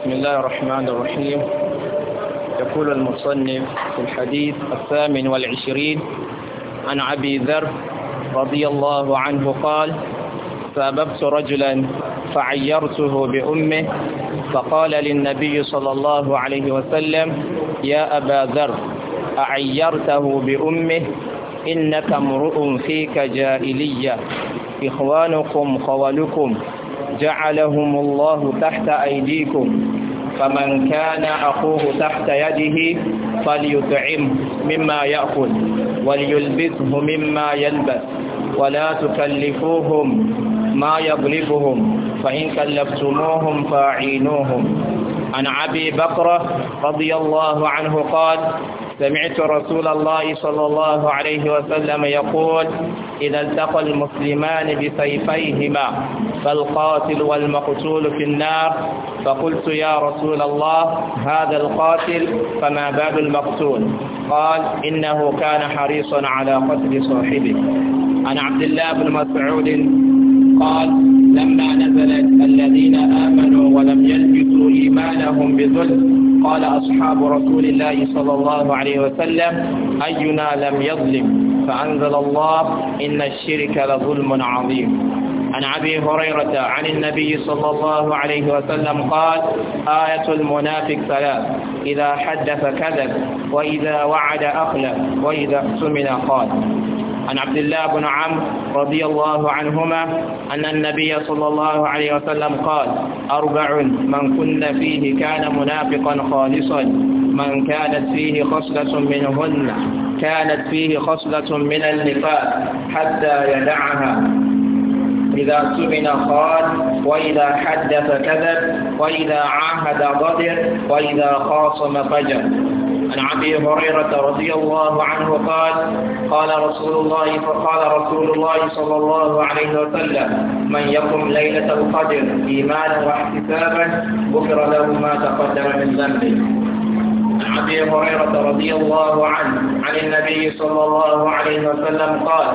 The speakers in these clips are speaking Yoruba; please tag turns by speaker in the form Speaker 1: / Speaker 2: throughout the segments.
Speaker 1: بسم الله الرحمن الرحيم يقول المصنف في الحديث الثامن والعشرين عن أبي ذر رضي الله عنه قال فأببت رجلا فعيرته بأمه فقال للنبي صلى الله عليه وسلم يا أبا ذر أعيرته بأمه إنك امرؤ فيك جاهلية إخوانكم خولكم جعلهم الله تحت أيديكم فمن كان أخوه تحت يده فليطعمه مما يأكل وليلبسه مما يلبس ولا تكلفوهم ما يضربهم فإن كلفتموهم فاعينوهم عن أبي بكر رضي الله عنه قال سمعت رسول الله صلى الله عليه وسلم يقول إذا التقى المسلمان بسيفيهما فالقاتل والمقتول في النار فقلت يا رسول الله هذا القاتل فما باب المقتول قال إنه كان حريصا على قتل صاحبه عن عبد الله بن مسعود قال لما نزلت الذين آمنوا ولم يلبسوا إيمانهم بظلم قال أصحاب رسول الله صلى الله عليه وسلم أينا لم يظلم فأنزل الله إن الشرك لظلم عظيم عن أبي هريرة عن النبي صلى الله عليه وسلم قال آية المنافق ثلاث إذا حدث كذب وإذا وعد أخلف وإذا اقتمن قال عن عبد الله بن عمرو رضي الله عنهما أن النبي صلى الله عليه وسلم قال أربع من كن فيه كان منافقا خالصا من كانت فيه خصلة منهن كانت فيه خصلة من النفاق حتى يدعها إذا سمن خان وإذا حدث كذب وإذا عاهد غدر وإذا خاصم فجر عن أبي هريرة رضي الله عنه قال قال رسول الله فقال رسول الله صلى الله عليه وسلم من يقم ليلة القدر إيمانا واحتسابا غفر له ما تقدم من ذنبه عن أبي هريرة رضي الله عنه عن النبي صلى الله عليه وسلم قال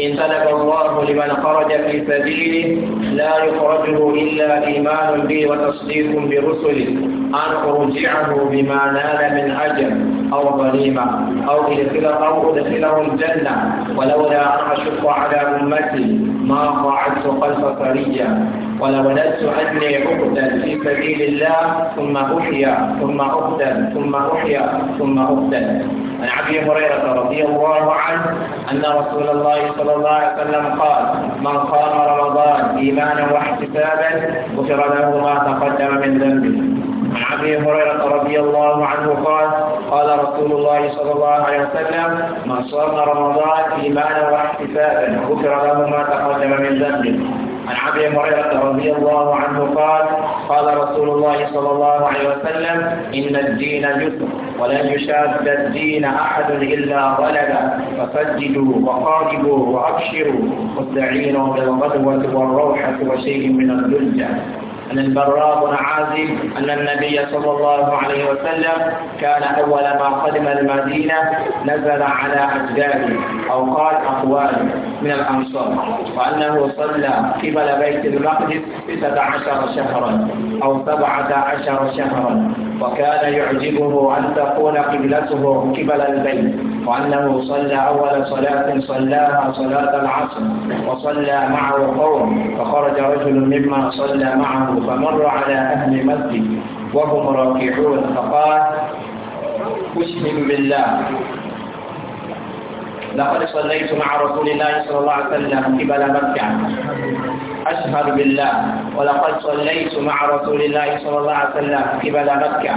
Speaker 1: إن سلك الله لمن خرج في سبيله لا يخرجه إلا إيمان به وتصديق برسله أن أرجعه بما نال من أجر أو غنيمة أو أدخل أو أدخله الجنة ولولا أن أشق على أمتي ما قعدت خلف سريا ولولدت أني أقتل في سبيل الله ثم أحيا ثم أقتل ثم أحيا ثم أقتل عن أبي هريرة رضي الله عنه أن رسول الله صلى الله عليه وسلم قال من قام رمضان إيمانا واحتسابا غفر له ما تقدم من ذنبه عن ابي هريره رضي الله عنه قال قال رسول الله صلى الله عليه وسلم من صام رمضان ايمانا واحتسابا غفر له ما تقدم من ذنبه عن ابي هريره رضي الله عنه قال قال رسول الله صلى الله عليه وسلم ان الدين يسر ولن يشاد الدين احد الا ولد فسددوا وقاربوا وابشروا واستعينوا بالغدوه والروحه وشيء من الدنيا عن البراء بن عازب أن النبي صلى الله عليه وسلم كان أول ما قدم المدينة نزل على أجداده أو قال أقوال من الأنصار وأنه صلى قبل بيت المقدس تسعة عشر شهرا أو سبعة عشر شهرا وكان يعجبه أن تكون قبلته قبل البيت وأنه صلى أول صلاة صلاها صلاة العصر وصلى معه قوم فخرج رجل مما صلى معه فمر على أهل مسجد وهم راكعون فقال أسلم بالله لقد صليت مع رسول الله صلى الله عليه وسلم قبل مكة أشهد بالله ولقد صليت مع رسول الله صلى الله عليه وسلم قبل مكة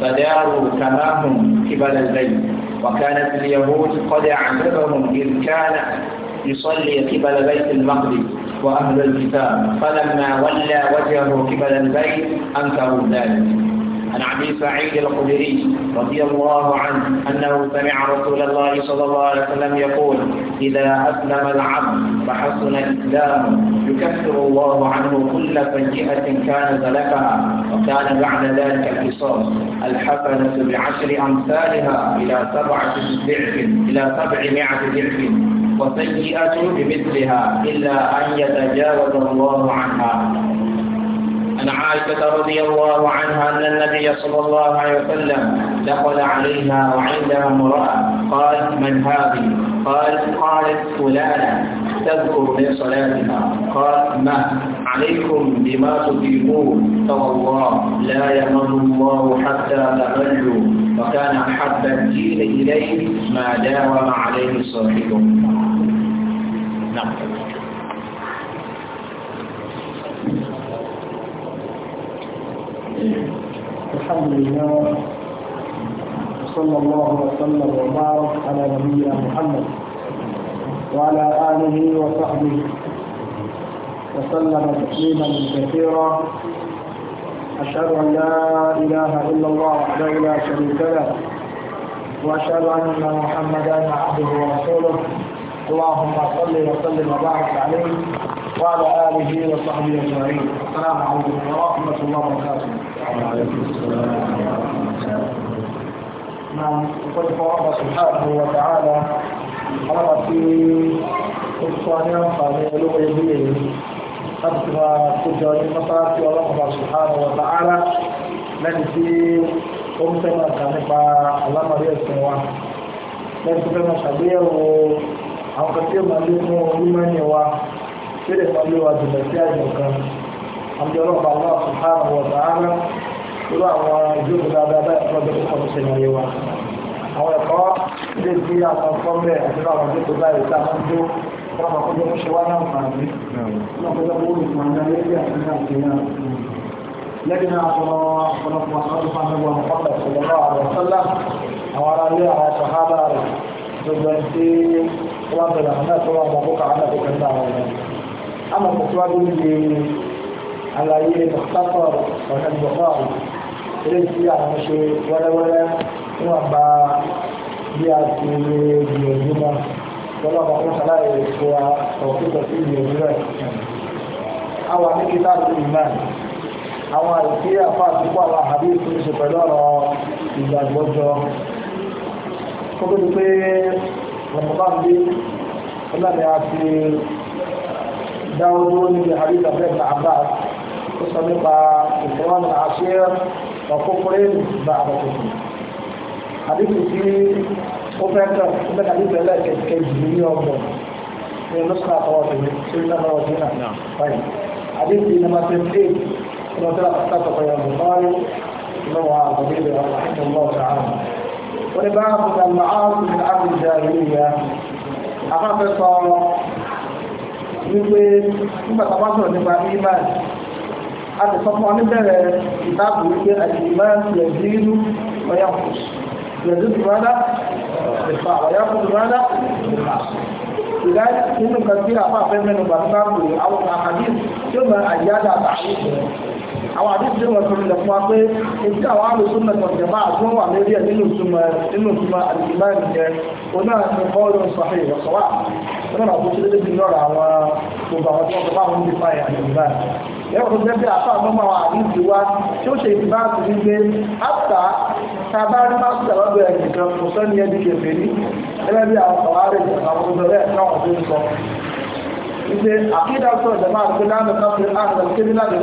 Speaker 1: فداروا كما هم قبل البيت وكانت اليهود قد أعجبهم إذ كان يصلي قبل بيت المقدس وأهل الكتاب فلما ولى وجهه قبل البيت أنكروا ذلك عن أبي سعيد الخدري رضي الله عنه أنه سمع رسول الله صلى الله عليه وسلم يقول إذا أسلم العبد فحسن إسلامه يكفر الله عنه كل سيئة كان سلكها وكان بعد ذلك القصاص الحسنة بعشر أمثالها إلى سبعة ضعف إلى سبعمائة ضعف وسيئة بمثلها إلا أن يتجاوز الله عنها عن عائشة رضي الله عنها أن النبي صلى الله عليه وسلم دخل عليها وعندها امرأة قال من هذه؟ قال قالت فلانة تذكر في صلاتها قال ما عليكم بما تطيقون فوالله لا يمن الله حتى تغلوا وكان أحب الدين إليه ما داوم عليه صاحبه نعم
Speaker 2: الحمد لله صلى الله وسلم وبارك على نبينا محمد وعلى آله وصحبه وسلم تسليما كثيرا أشهد أن لا إله إلا الله وحده لا شريك له وأشهد أن محمدا عبده ورسوله اللهم صل وسلم وبارك عليه وعلى آله وصحبه أجمعين السلام عليكم ورحمة الله وبركاته وعليكم السلام ورحمة الله نعم قلت الله سبحانه وتعالى خلق في الصانع قال لغة يديه أكثر تجاري المطار في الله سبحانه وتعالى من في أمتنا كانفا الله مريض سنوات لكن تكون شبيه أو كثير من يكون ṣé lè máa lé wa jùlọ sí àìmọ̀ kan àmìjọlọ́pàá Allah subhanahu wa ta'ala irú àwọn ìjókòó dáadáa báyìí fún ọjọ́ púpọ̀ tó ṣe máa yé wa àwọn ẹ̀kọ́ ilé tí àwọn fọ́nbẹ̀ àti àwọn ìjókòó báyìí tá a máa ń dó fún ọmọ akọ́jọ́ tó ṣe wá náà fà mí lọ́kọ́jọ́ tó wúlò fún ọjọ́ lẹ́yìn àti náà ti náà lẹ́yìn náà fún ọ̀pọ̀lọpọ̀ àwọn ọ̀pọ̀lọpọ̀ àmọ́ tẹ̀síwájú níbi àlàyé mọ̀tàkọ̀ ọ̀nàdìbọ̀kọ̀ àwọn eré tí àwọn ṣe wẹ́lẹ́wẹ́lẹ́ tí wọ́n bá bí a ti lè gbìyànjú náà lọ́nà ọmọ fún sàlàyé ìṣe ọ̀kútọ̀ sí ìgbìyànjú rẹ̀. àwọn akíkítà àti ìmọ̀ àwọn àìsí àfa àtúkọ̀ àwọn àhàbí ìṣe pẹ̀lú ọ̀rọ̀ ìgbàgbọ́jọ dáwọ́ dúró níbi àríkà bẹ́ẹ̀ bá bá ó sọ nípa ìfọwọ́nà àṣẹ ọ̀kọ́kọ́rẹ́ bá àbọ̀tòkù àdínkù tí ó fẹ́ kàn ó fẹ́ kàdí bẹ̀rẹ̀ kẹ̀kẹ́jì ní ọgbọ̀n ní ọlọ́sọ̀rọ̀ àtọwọ́ tèmi tí ó náà wọ́n ti nà báyìí àdínkù nàmà tẹ̀lé ọmọ tó láti sàkọ̀kọ̀ yà bùkọ́rí lọ́wọ́ àbọ̀dé bẹ̀rẹ̀ àti ọmọ wípé nígbà tá a bá sọ̀rọ̀ nípa ìmá a ti sọ fún wa níbẹ̀rẹ̀ ìtàkù wípé àìsímá lè dí inú ọ̀yà kù lè dí inú rárá ìfà ọ̀yà kù rárá ìfà ìdá nínú kan tí àpá àfẹ́ mẹ́nu bàtúkà kù àwọn àkàdé tí ó mọ àyíká dà àwọn àdúgbò wọn sọ nílẹ̀ fún wa pé èyí àwọn alùsùn náà tọ̀tẹ̀ máa tó wà lórí ẹ̀ nínú ìtumọ̀ nínú ìtumọ̀ àdìgbà ìjẹ oná ní bọ́ọ̀lù sọ̀fẹ̀ ìwọ̀sọ̀wà oná náà kúkú lédè bíi lọ́rọ̀ àwọn gbogbo àwọn tí wọ́n sọ fáwọn nípa àdìgbà yẹ́n kò jẹ́ bí àpá àmọ́mọ́ àwọn àdìgbò wa tí ó ṣe ìgbà àti wípé áfà tábà ní máa sọ̀rọ̀ lọ́dọ̀ ẹ̀jẹ̀ kan kò sọ fi àgbà kébí láti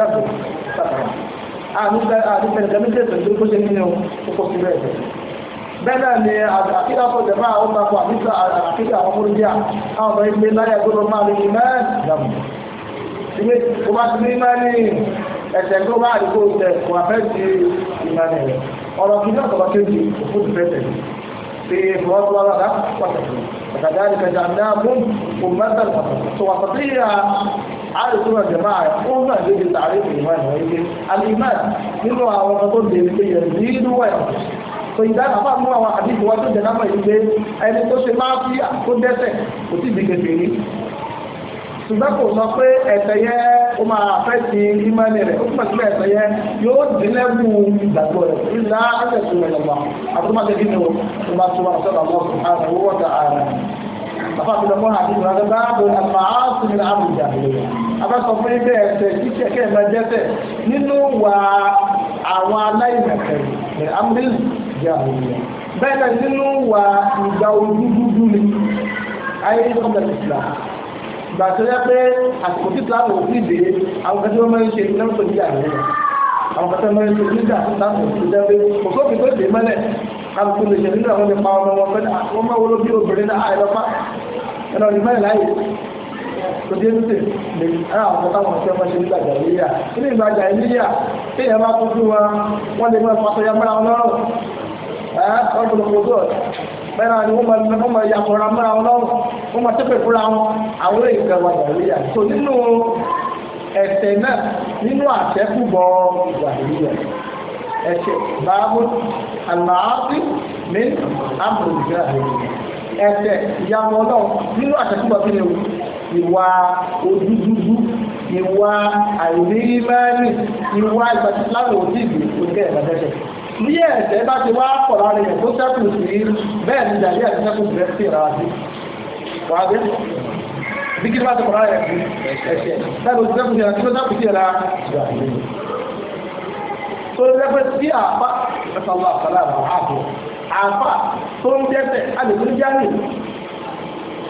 Speaker 2: pàtàkì àdúgbò ẹ̀dá méjèèjì tó kó ṣe nínú ọkọ̀ sí bẹ́ẹ̀ náà ni àkíkà fún ìjọba àwọn ọmọ àmìsà àkíkà àwọn ọmọ olùdíà àwọn ọmọ ilé láyà gbọdọ̀ máa lè mẹ́rin dàmù ìwé kò bá ti ní mẹ́rin ẹ̀sẹ̀ tó bá àdúgbò ìṣẹ̀ kò àfẹ́ sí ìmọ̀ràn rẹ̀ ọ̀rọ̀ kìíní ọ̀sọ̀rọ̀ وكذلك جعلناكم أمة الوسط وسطية على سنة جماعة أمة يجب تعريف الإيمان ويجب الإيمان nínú àwọn ọmọ tó lè pe yẹn ní inú ẹ̀ so ìdáná bá mú àwọn àdìgbò wá tó jẹ náà mọ̀ yìí pé ẹni tó ṣùgbọ́n kò sọ pé ẹ̀ṣẹ̀ yẹn ó máa fẹ́ ti ìmọ̀ni rẹ̀ ó túnbọ̀ sí ẹ̀ṣẹ̀ yẹn yóò dínlẹ́bù ìgbàgbọ́ rẹ̀ ìlà ẹ̀ṣẹ̀ rẹ̀ lọ́wọ́ àtúmọ̀tẹ́ kí ni o tó bá tó wà sọ́dọ̀ àwọn ọ̀sán àwọn owó ọ̀tà ààrẹ àfàbílẹ̀ mọ́ àdínú rẹ̀ báàbò àmàásù ní àbújá abẹ́sọ fún ibẹ̀ ẹ̀ṣẹ̀ kíkẹ́ kẹ́ ẹ̀mẹ́ jẹ́sẹ̀ nínú wà àwọn aláìmẹ̀kẹ́ ní amílì jẹ́ àwọn ènìyàn bẹ́ẹ̀ nínú wà ìgbà ojú dúdú ni ayé ìjọba ìsìlámù ìgbà tó yẹ pé àsìkò tí tíláàmù ò fi dé àwọn kan tí wọ́n máa ń ṣe ní lẹ́mùsọ̀ nígbà yẹn àwọn kan tí wọ́n máa ń ṣe nígbà tíláàmù ò fi dé pé kò sófin tó dé mọ́lẹ̀ kálukú lè ṣe nínú àwọn nípa ọmọ wọn pé ah, wọ́n máa wọ́n bí obìnrin náà àìlọ́pá ẹ̀rọ ìmọ̀lẹ̀ láyè tó dé ní tè ara àwọn kan táwọn ọ̀sẹ̀ máa ṣe nígbà jàìlíyà nínú ìgbà jàìlíyà tí ìyẹn bá kú sí wọn wọ́n lè máa fàtọ́yà mẹ́ra ni wọ́n máa yàkọ̀ra mẹ́ra wọn lọ́rùn wọ́n máa tẹ́pẹ̀ fúnra wọn àwọn èyí kan wà nàìjíríà tó nínú ẹ̀ṣẹ̀ náà nínú àtẹ́kùbọ̀ nàìjíríà ẹ̀ṣẹ̀ báàbò àlàáfí ní àbùrùjẹ́ àìríyà ẹ̀ṣẹ̀ ìyàpọ̀ náà nínú àtẹ́kùbọ̀ kí ni ìwà ojúdúdú ìwà àìríyí mẹ́rin ìwà ìgbàsíláwò òdìdì ó jẹ́ ìgbàsẹ́sẹ̀ bí ẹ̀jẹ̀ bá ti wá pọ̀ lára ẹ̀ tó sẹ́kù sí bẹ́ẹ̀ ni ìdàlẹ́ ẹ̀ sẹ́kù sí rẹ̀ sí ra sí wàá dé bí kí ló bá ti pọ̀ lára ẹ̀ sí ẹ̀ṣẹ̀ bẹ́ẹ̀ ló sẹ́kù sí ra kí ló sẹ́kù sí ra tó lẹ́gbẹ́ sí àpá ẹ̀sàlá àpàlà àbò àpá tó ń jẹ́sẹ̀ alèkúnjáde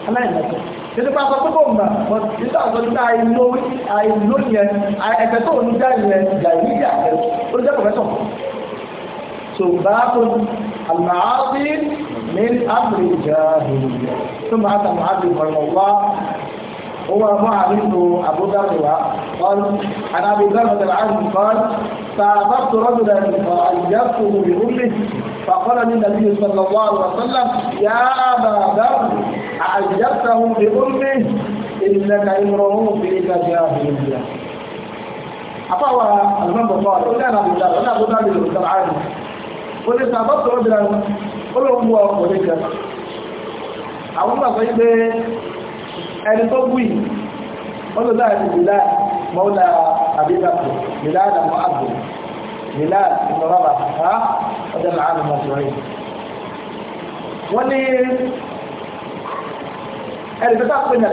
Speaker 2: aláìmọ̀tẹ́ títí pa àkọ́kọ́ kò mọ̀ wọ́n ti sọ àkọ́kọ́ tí àìló àìló yẹn ẹ̀fẹ́ tó ń já yẹn gàrí ìyá rẹ̀ ó jẹ́ pọ̀fẹ́sọ̀ سباق المعاصي من أمر الجاهلية ثم أتى المعاصي رحمه الله هو رفع منه أبو ذر قال عن أبي ذر العزم قال فأخذت رجلا فأيدته بأمه فقال لي النبي صلى الله عليه وسلم يا أبا ذر أعجبته بأمه إنك امرؤ فيك جاهلية أفوى المنبر قال قلنا أبو ذر قلنا أبو ذر العزم ó ní sábà sọ̀rọ̀ bí wọn ó ló ń mú ọkọ̀ ní kan àwọn náà sọ pé ẹni tó wù yìí ó ló láàrin ìlà mọ́lá àbíkàtò ìlà àdàmọ́ àbò ìlà ìmọ̀rọ̀bà ha ọjọ́ màá nù wọ́n ní ẹni tó sáà pé ní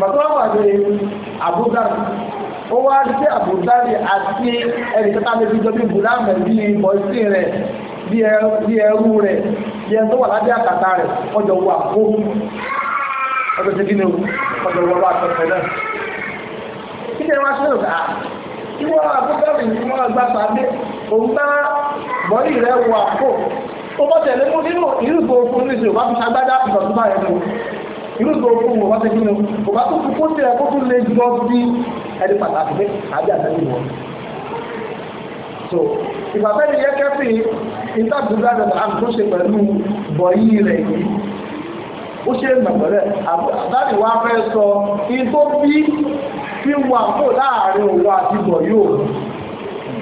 Speaker 2: bàtọ́ pàdé àbúdárì ó wá rí sí àbúdárì àti ẹnì kẹta lè fi jọ bí bùdámẹ̀ bí bọ́ìsì rẹ̀ bí ẹrú rẹ̀ bí ẹni tó wà lábẹ́ àkàtà rẹ̀ ọjọ́ wà kó ọjọ́ ṣe kí ni ọjọ́ wọ́n wà tọ̀tọ̀ náà kí ni wọ́n ṣe ń rà kí wọ́n àbúdárì ní wọ́n gbà pàdé òun bá bọ́ọ̀lì rẹ̀ wà kó ó bọ́ tẹ̀lé mú inú ìgbà òkú wọn bá ṣe kí ni kò bá tó kú kó tẹ kó tún lè jọ bí ẹni pàtàkì pé àbí àtẹ́lẹ̀ wọn. so ìgbàfẹ́ ni yẹ kẹ́fì ìtàkùnlá rẹ̀ àmì tó ṣe pẹ̀lú bọ̀yì rẹ̀ yìí ó ṣe gbàgbọ́rẹ̀ àbárí wa fẹ́ sọ in tó bí fi wà kó láàrin òun àti bọ̀yì òun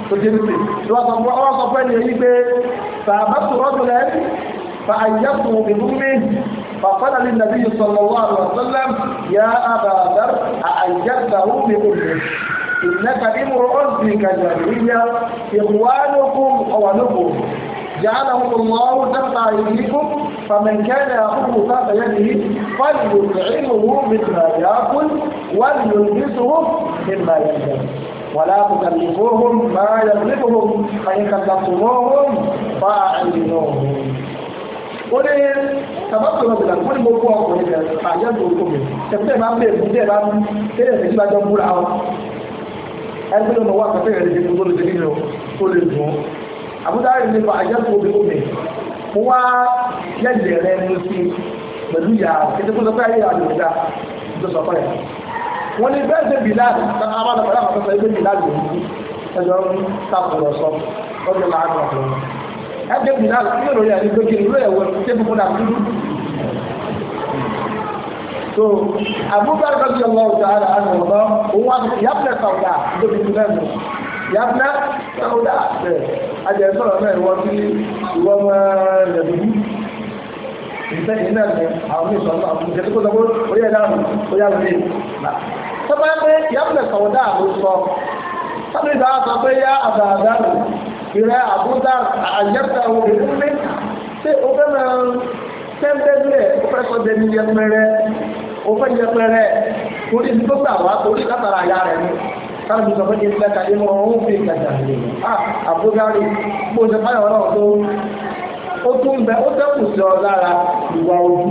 Speaker 2: tó jẹ́ nípe ìwọ́n sọ pé ní ẹni pé sàbátù rọ́dùn lẹ́yìn fa àyẹ̀kùn ìlú méjì فقال للنبي صلى الله عليه وسلم يا أبا ذر أأيدته بأمه إنك امرؤ في كجاهلية إخوانكم أولكم جعلهم الله تحت أيديكم فمن كان يأخذ تحت يده فليطعمه مما يأكل وليلبسه مما يلبس ولا تكلفوهم ما يغلبهم فإن كلفتموهم فأعينوهم ó ní tàbátò lọ bìlà wọ́n ní mo fún ọkùnrin rẹ̀ àjẹ́ tó kò mí ẹ̀fẹ́ máa ń bẹ̀rẹ̀ fún bẹ́ẹ̀ máa ń bẹ̀rẹ̀ fún ìgbà jọ múra ọ ẹgbẹ́ lọ́nà wà pẹ̀lú ẹ̀rẹ́ ìdíje tó lè ṣe nínú tó lè dùn ún àbúdá rẹ̀ nípa àjẹ́ tó kò mí mo wá yẹ̀lẹ̀ rẹ̀ mú sí pẹ̀lú ìyá kété kó sọ pé ayé àlè òdà tó sọ ẹgbẹ́ bìnnà yóò lórí ẹni pé kí lórí ẹ̀wọ̀ ṣé fúnfún náà dúdú. so abúgbà lọ́sí ọmọ ọ̀gá ara àná ọ̀gá òun wà ní yàtọ̀ sàwùdà lóbi tún náà nù yàtọ̀ sàwùdà ẹ̀ ajẹ́ sọ̀rọ̀ náà ìwọ sí ìwọ máa lẹ̀dù ìfẹ́ iná ni àwọn ìṣọ̀nà àwọn ìṣẹ̀lẹ̀ tó lọ́wọ́ orí ẹ̀dá mi ó yà lórí ìgbà. tó pé yàtọ̀ sàwùdà ló sọ sábẹ́ pé yá àbàdà rẹ̀ ìrẹ́ àbúdá àyẹ́ta òun ìlú mi ṣé o fẹ́ máa tẹ́ńtẹ́lẹ̀ o fẹ́ sọ jẹ́ ní yẹpẹrẹ o fẹ́ yẹpẹrẹ torí tó gbà torí látara àyà rẹ̀ ni káàdì mi sọ pé kí n fẹ́ kàdé mọ́ òun fi ìgbàjà lè à ah, àbúdá rí bó ṣe fáyọ̀ náà tó ó tún bẹ ó tẹ́kù sí ọ lára ìwà ojú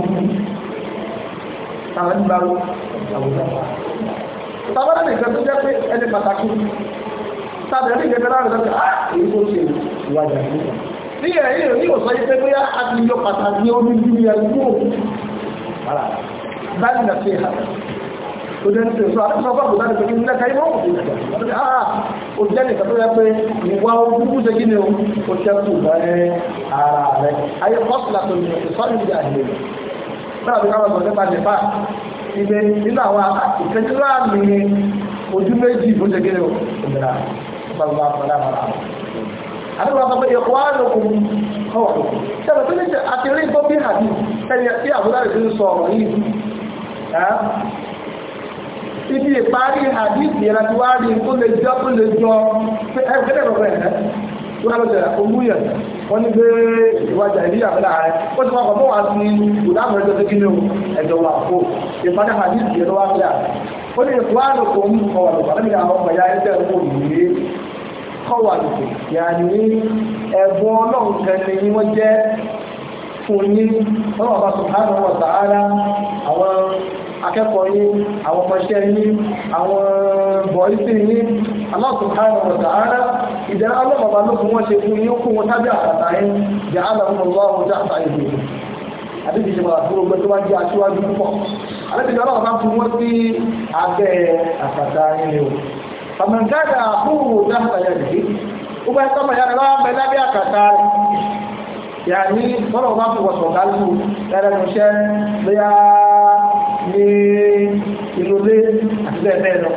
Speaker 2: àwọn ìgbà àbúdá wa. tàbá tàbí ẹni ìjẹta láàrin lọ́kà á ah, èyí tó ṣe ìwàjà nípa ní ẹ̀yìn rẹ̀ ní òsọ yìí pé bóyá a ti yọ pàtàkì omi bí i ẹgbó ara báyìí nà ṣe hà tó ah o ìwà ojúkú ṣe kí ni o o ṣe kú bẹ́ẹ̀ ara rẹ̀ ayé kọ́sìlà tó ní ìsọ́nù ìdí àdìyẹ bẹ́ẹ̀ bí káwọn sọ nípa nípa ibẹ̀ nínú àwọn ìkẹjọ́ àmì ojú méjì bó ṣe kí ni sọ̀rọ̀ àpàlà àpàlà. àdúgbò àpapọ̀ ìyọ̀kọ̀ wá lókun ọwọ́ lókun ṣẹlẹ̀ tó ní ṣe àtẹ̀rí gbọ́ bí hàbí ẹni tí àbúrà rẹ̀ fi ń sọ ọ̀rọ̀ yìí ibi ìparí hàbí ìyẹn àti wá rí tó lè jọ tó lè jọ ẹgbẹ́rẹ́ rẹ̀ rẹ̀ tó náà lọ́jọ́ owó yẹn wọ́n ní pé ìwájà ìdí àbúrà rẹ̀ ó ti wọ́pọ̀ mọ́wàá sí ìdáàbòrò tó kí ní ẹ̀jọ̀ wà kó ìparí hàbí ìyẹn fẹ́ à ó ní ìfúwárò kò ń kọ̀ ọ̀rọ̀ pàdé kọ́wà lùkù yàní ẹ̀bùn ọlọ́run kẹrin ni wọ́n jẹ́ fún yín wọ́n bá subhanahu wa ta'ala àwọn akẹ́kọ̀ọ́ yín àwọn ọmọọṣẹ́ yín àwọn bọ̀ọ́lísì yín Allah subhanahu wa ta'ala ìdá ọlọ́mọba ló fún wọn ṣe fún yín kún wọn tábí àtàtà yín jẹ́ aláwọ̀ jáàtà ìlú àdébí ìṣẹ̀mọ̀ àbúrò gbé tó wá jẹ́ aṣíwájú púpọ̀ àdébí ìṣẹ̀mọ̀ àbúrò fún wọn sí abẹ́ àtàtà yín ni o fàmìǹkàdà àkúrò dáfàyà rẹ̀ ó bá ẹ̀kọ́ mọ̀yára lọ́wọ́ bẹ lábẹ́ àkàtà rẹ̀ yàní bọ́lọ̀ bá fi wọ̀sọ̀ kálù ẹ̀rẹ́nu iṣẹ́ bóyá ní ìrọ̀lẹ́ àti bẹ́ẹ̀ bẹ́ẹ̀ lọ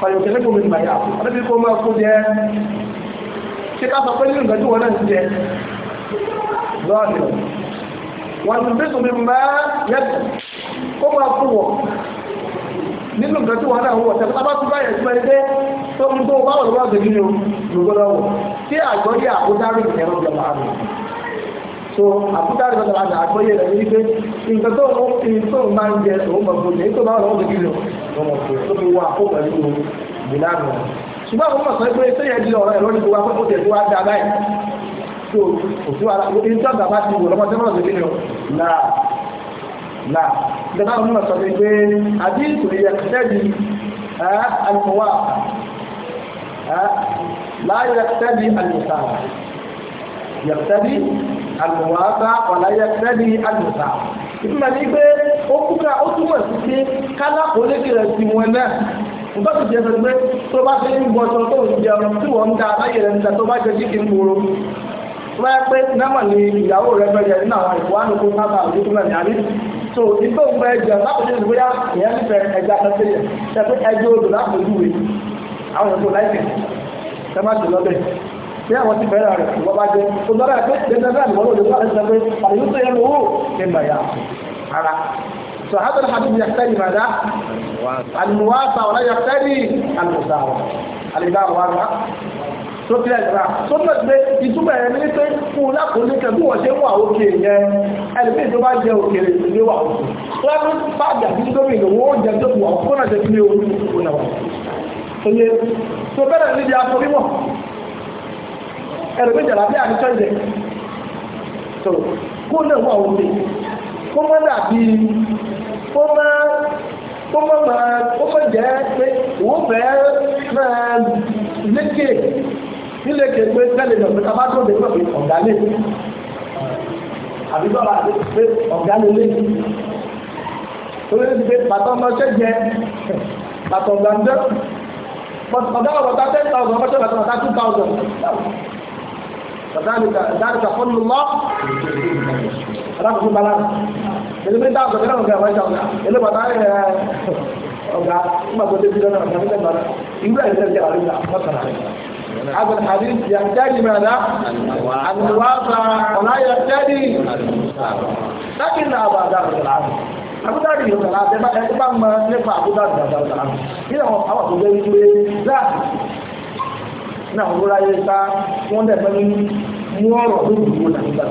Speaker 2: kọ̀yọ̀ tẹ́lẹ̀ kò mìíràn yà ọdún bí kò máa kó jẹ́ ṣé ká sọ pé nínú ìgbẹ́jú bí máa yẹ kó máa kú wọ̀ nínú nǹkan tí wọ́n náà wọ̀ tẹ́lẹ̀ tábà tún báyẹ̀ sí ẹni pé tó ń tó bá wọ̀lọ́wọ́ àgbègbè ni o lògbọ́dọ̀ wọ̀ so àkúdárì ìjọba àmì àgbọ́yé rẹ̀ ní pé nǹkan tó ń tó ń máa ń jẹ òun mọ̀ fún mi tó bá wọ̀lọ́wọ́ àgbègbè ni o mọ̀ fún mi tó fi wọ àkókò pẹ̀lú ìlànà ṣùgbọ́n ní gbogbo akókò tẹ̀sí wá dáadáa so òtún ara òtún ìjọba bá ti wọ̀ lọ́mọdé mọ̀ lọ́sẹ̀ kí náà ìjọba àwọn ọmọ sọ̀rọ̀ pé àdínkù yẹ̀kẹ́lì àlùwà láyé yẹ̀kẹ́lì àlùwà yẹ̀kẹ́lì àlùwà bá ọ̀la yẹ̀kẹ́lì àlùwà ìtumọ̀ ní pé ó kúkà ó túmọ̀ sí pé kálá olégbè rẹ̀ ti wọn náà nǹkan tó jẹ́ pé tó bá fi ń bọ̀ sọ tó ń jẹun tí wọ́n ń da aláyẹ̀ rẹ̀ ń da tó bá jẹ́ kíkì ń gbòòrò tó bá yẹ pé námọ̀ ni ìyàwó rẹ̀ bẹ̀rẹ̀ nínú àwọn ìwà àlùkò sábà àdúgbò náà ní àríwá so nígbà òun bẹ jẹ lápòjú ìlú bóyá ìyẹn ń fẹ́ ẹja pẹpẹ yẹ ṣẹpẹ ẹjọ odò lápòjú wẹ àwọn èèyàn tó láìpẹ́ ṣẹ má jù lọbẹ bí àwọn ti bẹ̀rẹ̀ rẹ ìwọ bá jẹ olùdarí àti ẹgbẹ́ bẹ́ẹ̀ nìwọ lòdì wọn ṣe pé àyè so hadal hadith yaqtari mada al muwasa wa la yaqtari al musawa al ibar wa sókè ẹ̀dá tó mẹ́tí pé ìtumọ̀ ẹ̀ ní pé fún un lákòólé kẹ́bí wọ́n ṣe ń wà òkè yẹn ẹlẹ́gbẹ́ tó bá jẹ òkèèrè ìdílé wà òkè lọ́dún bá jà sí gómìnà wọ́n jẹ tó wà òkú náà jẹ kí ní orí òkú náà wà. oye tó bẹ̀rẹ̀ níbi aṣọ mímọ̀ ẹlẹ́gbẹ́ fẹ́ máa lékè nílé kẹgbẹ́ tẹ́lẹ̀ lọ pé tábà tó dé pẹ̀lú ọ̀gá lé àbí bọ́lá àti pé ọ̀gá lé lé torí ti pé bàtà ọmọ ṣẹ́ jẹ bàtà ọ̀gá ń jẹ́ ọ̀gá ọ̀gá ten thousand ọmọ ṣẹ́ bàtà ọ̀gá two thousand kàdáàlìkà dáàlìkà fọ́nù lọ́ alákòókò balá ẹni pé dáàbò kẹ́lẹ́ ọ̀gá ìwájà ọ̀gá ẹni bàtà ẹ̀ ọ̀gá ńgbàgbọ́ débi lọ́nà ọ̀gá nígbà ìgbà ìgbà ìgbà ìgbà ìgbà هذا الحديث يحتاج ماذا؟ الواقع ولا يحتاج لكن أبا ذر العام أبو ذر يوم العام إبا ما نفع أبو ذر ذر العام هنا هو أبو ذر يقول ذات náà wúra yẹ sá wọn dẹ fẹ mú ọ̀rọ̀ tó dùn wọn nàgbà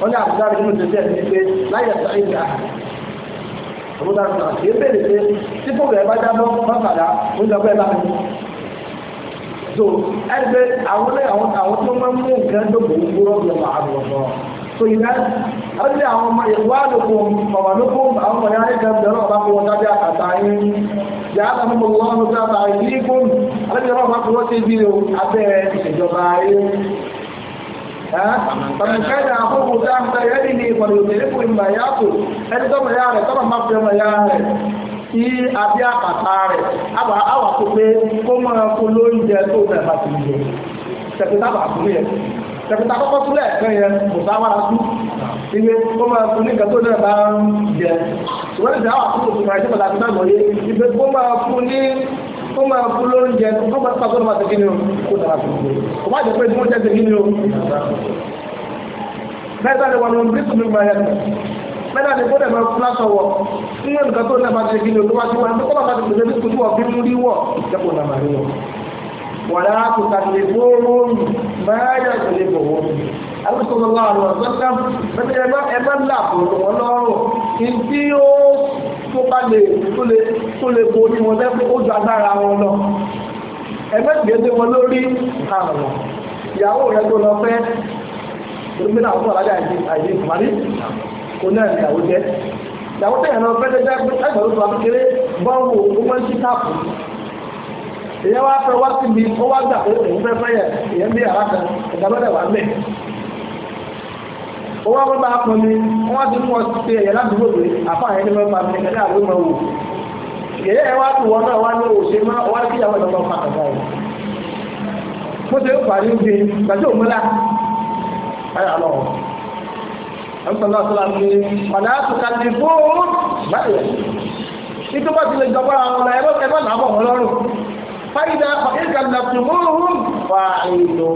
Speaker 2: wọn ní àbúrò àti nínú tẹsí ẹni pé láyé ẹsẹ ayé gbà àbúrò àti nínú tẹsí ẹni pé tí fún bẹ́ẹ̀ bá dábọ bá fàdá ó ń dọgbẹ bá mi so ẹgbẹ́ àwọn àwọn àwọn tó máa ń mú nǹkan tó kò ń gbúrọ́ lọ máa lọ so ìgbà ọdún àwọn ọmọ ìwà àlòkù ọmọ àlòkù àwọn ọmọ yára kan bẹ̀rẹ̀ ọba kó wọn dábí àkàtà yín yà á lọ́mọ wọn ló dábàá yìí kún ọlọ́dún ọba kó wọ́n ṣe bí o abẹ́ ìjọba yín فمن كان أخوه تحت يده فليدركه إما يأكل أنت ما يعرف طبعا ما في ما يعرف sí abẹ́ àpàtà rẹ̀ àwà tó pé kó máa kó lóúnjẹ tó bẹ̀rẹ̀ bá ti jẹ tẹ̀pẹ̀tà bà fún yẹn tẹ̀pẹ̀tà kọ́kọ́ sílẹ̀ ẹ̀kan yẹn kò sáwára tú ibi kó máa kó ní ìgbàtó náà bá ń jẹ ṣùgbọ́n ìjà àwà tó kò máa jẹ́ pàtàkì náà mọ̀ yé kó máa kú ní kó máa kú lóúnjẹ kó máa kó máa tẹ̀kí ni o kó dára fún mi kò má jẹ́ pé ìdúró jẹ́ tẹ̀kí ni o mẹ́ta ni gbọ́dọ̀ máa fún lásán wọ̀ nínú nǹkan tó náà bá ti kí ni olúwa tí wọ́n tó bá ti pèsè ní kùtù ọ̀fin mú rí wọ̀ ìjẹ́kùn náà máa rí wọ̀. wàlá kò kàtìlẹ̀ fóòrùn báyà ìṣẹ̀lẹ̀ bọ̀wọ̀ alùsọ̀lọ́lá àwọn ọ̀sán mẹ́tẹ́ ẹgbẹ́ ńlá wọn lọ́rùn ìdí ó tó bá lè tó lè borí wọn lẹ́kọ̀ọ́ ó ju agbára wọn lọ ẹgbẹ́ gbèdé wọn lórí òun náà ìyàwó jẹ́ ìyàwó tẹ̀yàn náà fẹ́ẹ́ dẹ́gbẹ́ ẹgbẹ̀rún tó akékeré bọ́ọ̀wù ó máa ń ṣí táàpù èyàn wá fẹ́ wá síbi ó wá gbà pé òun fẹ́ fẹ́ yẹ èyàn bí ara kan ìdálọ́dẹ̀ wà mẹ́ ó wá wọ́n bá pọ̀ ní wọ́n ti mú ọtí ṣe ẹ̀yẹ ládùúgbò pé àfa àyẹ̀ ní mẹ́fà ní ẹ̀dá àgbẹ̀ máa wò èyẹ ẹ̀ wá tù wọn náà wá ní òṣè má wá sí àwọn ìdánwò pa kàkà yìí mo ṣe ń parí ń gbé gbàtí òun mọ́lá ayọ̀ àlọ́ ọ̀sánlá sọ́lá pé ọ̀nà àtúkà ti fún báyìí títí bá ti lè jọba àwọn ọ̀nà ẹ̀rọ ẹ̀rọ náà bọ̀ wọ́n lọ́rùn fáyidá ìgbà nàfẹ̀ múhùn fà ìlò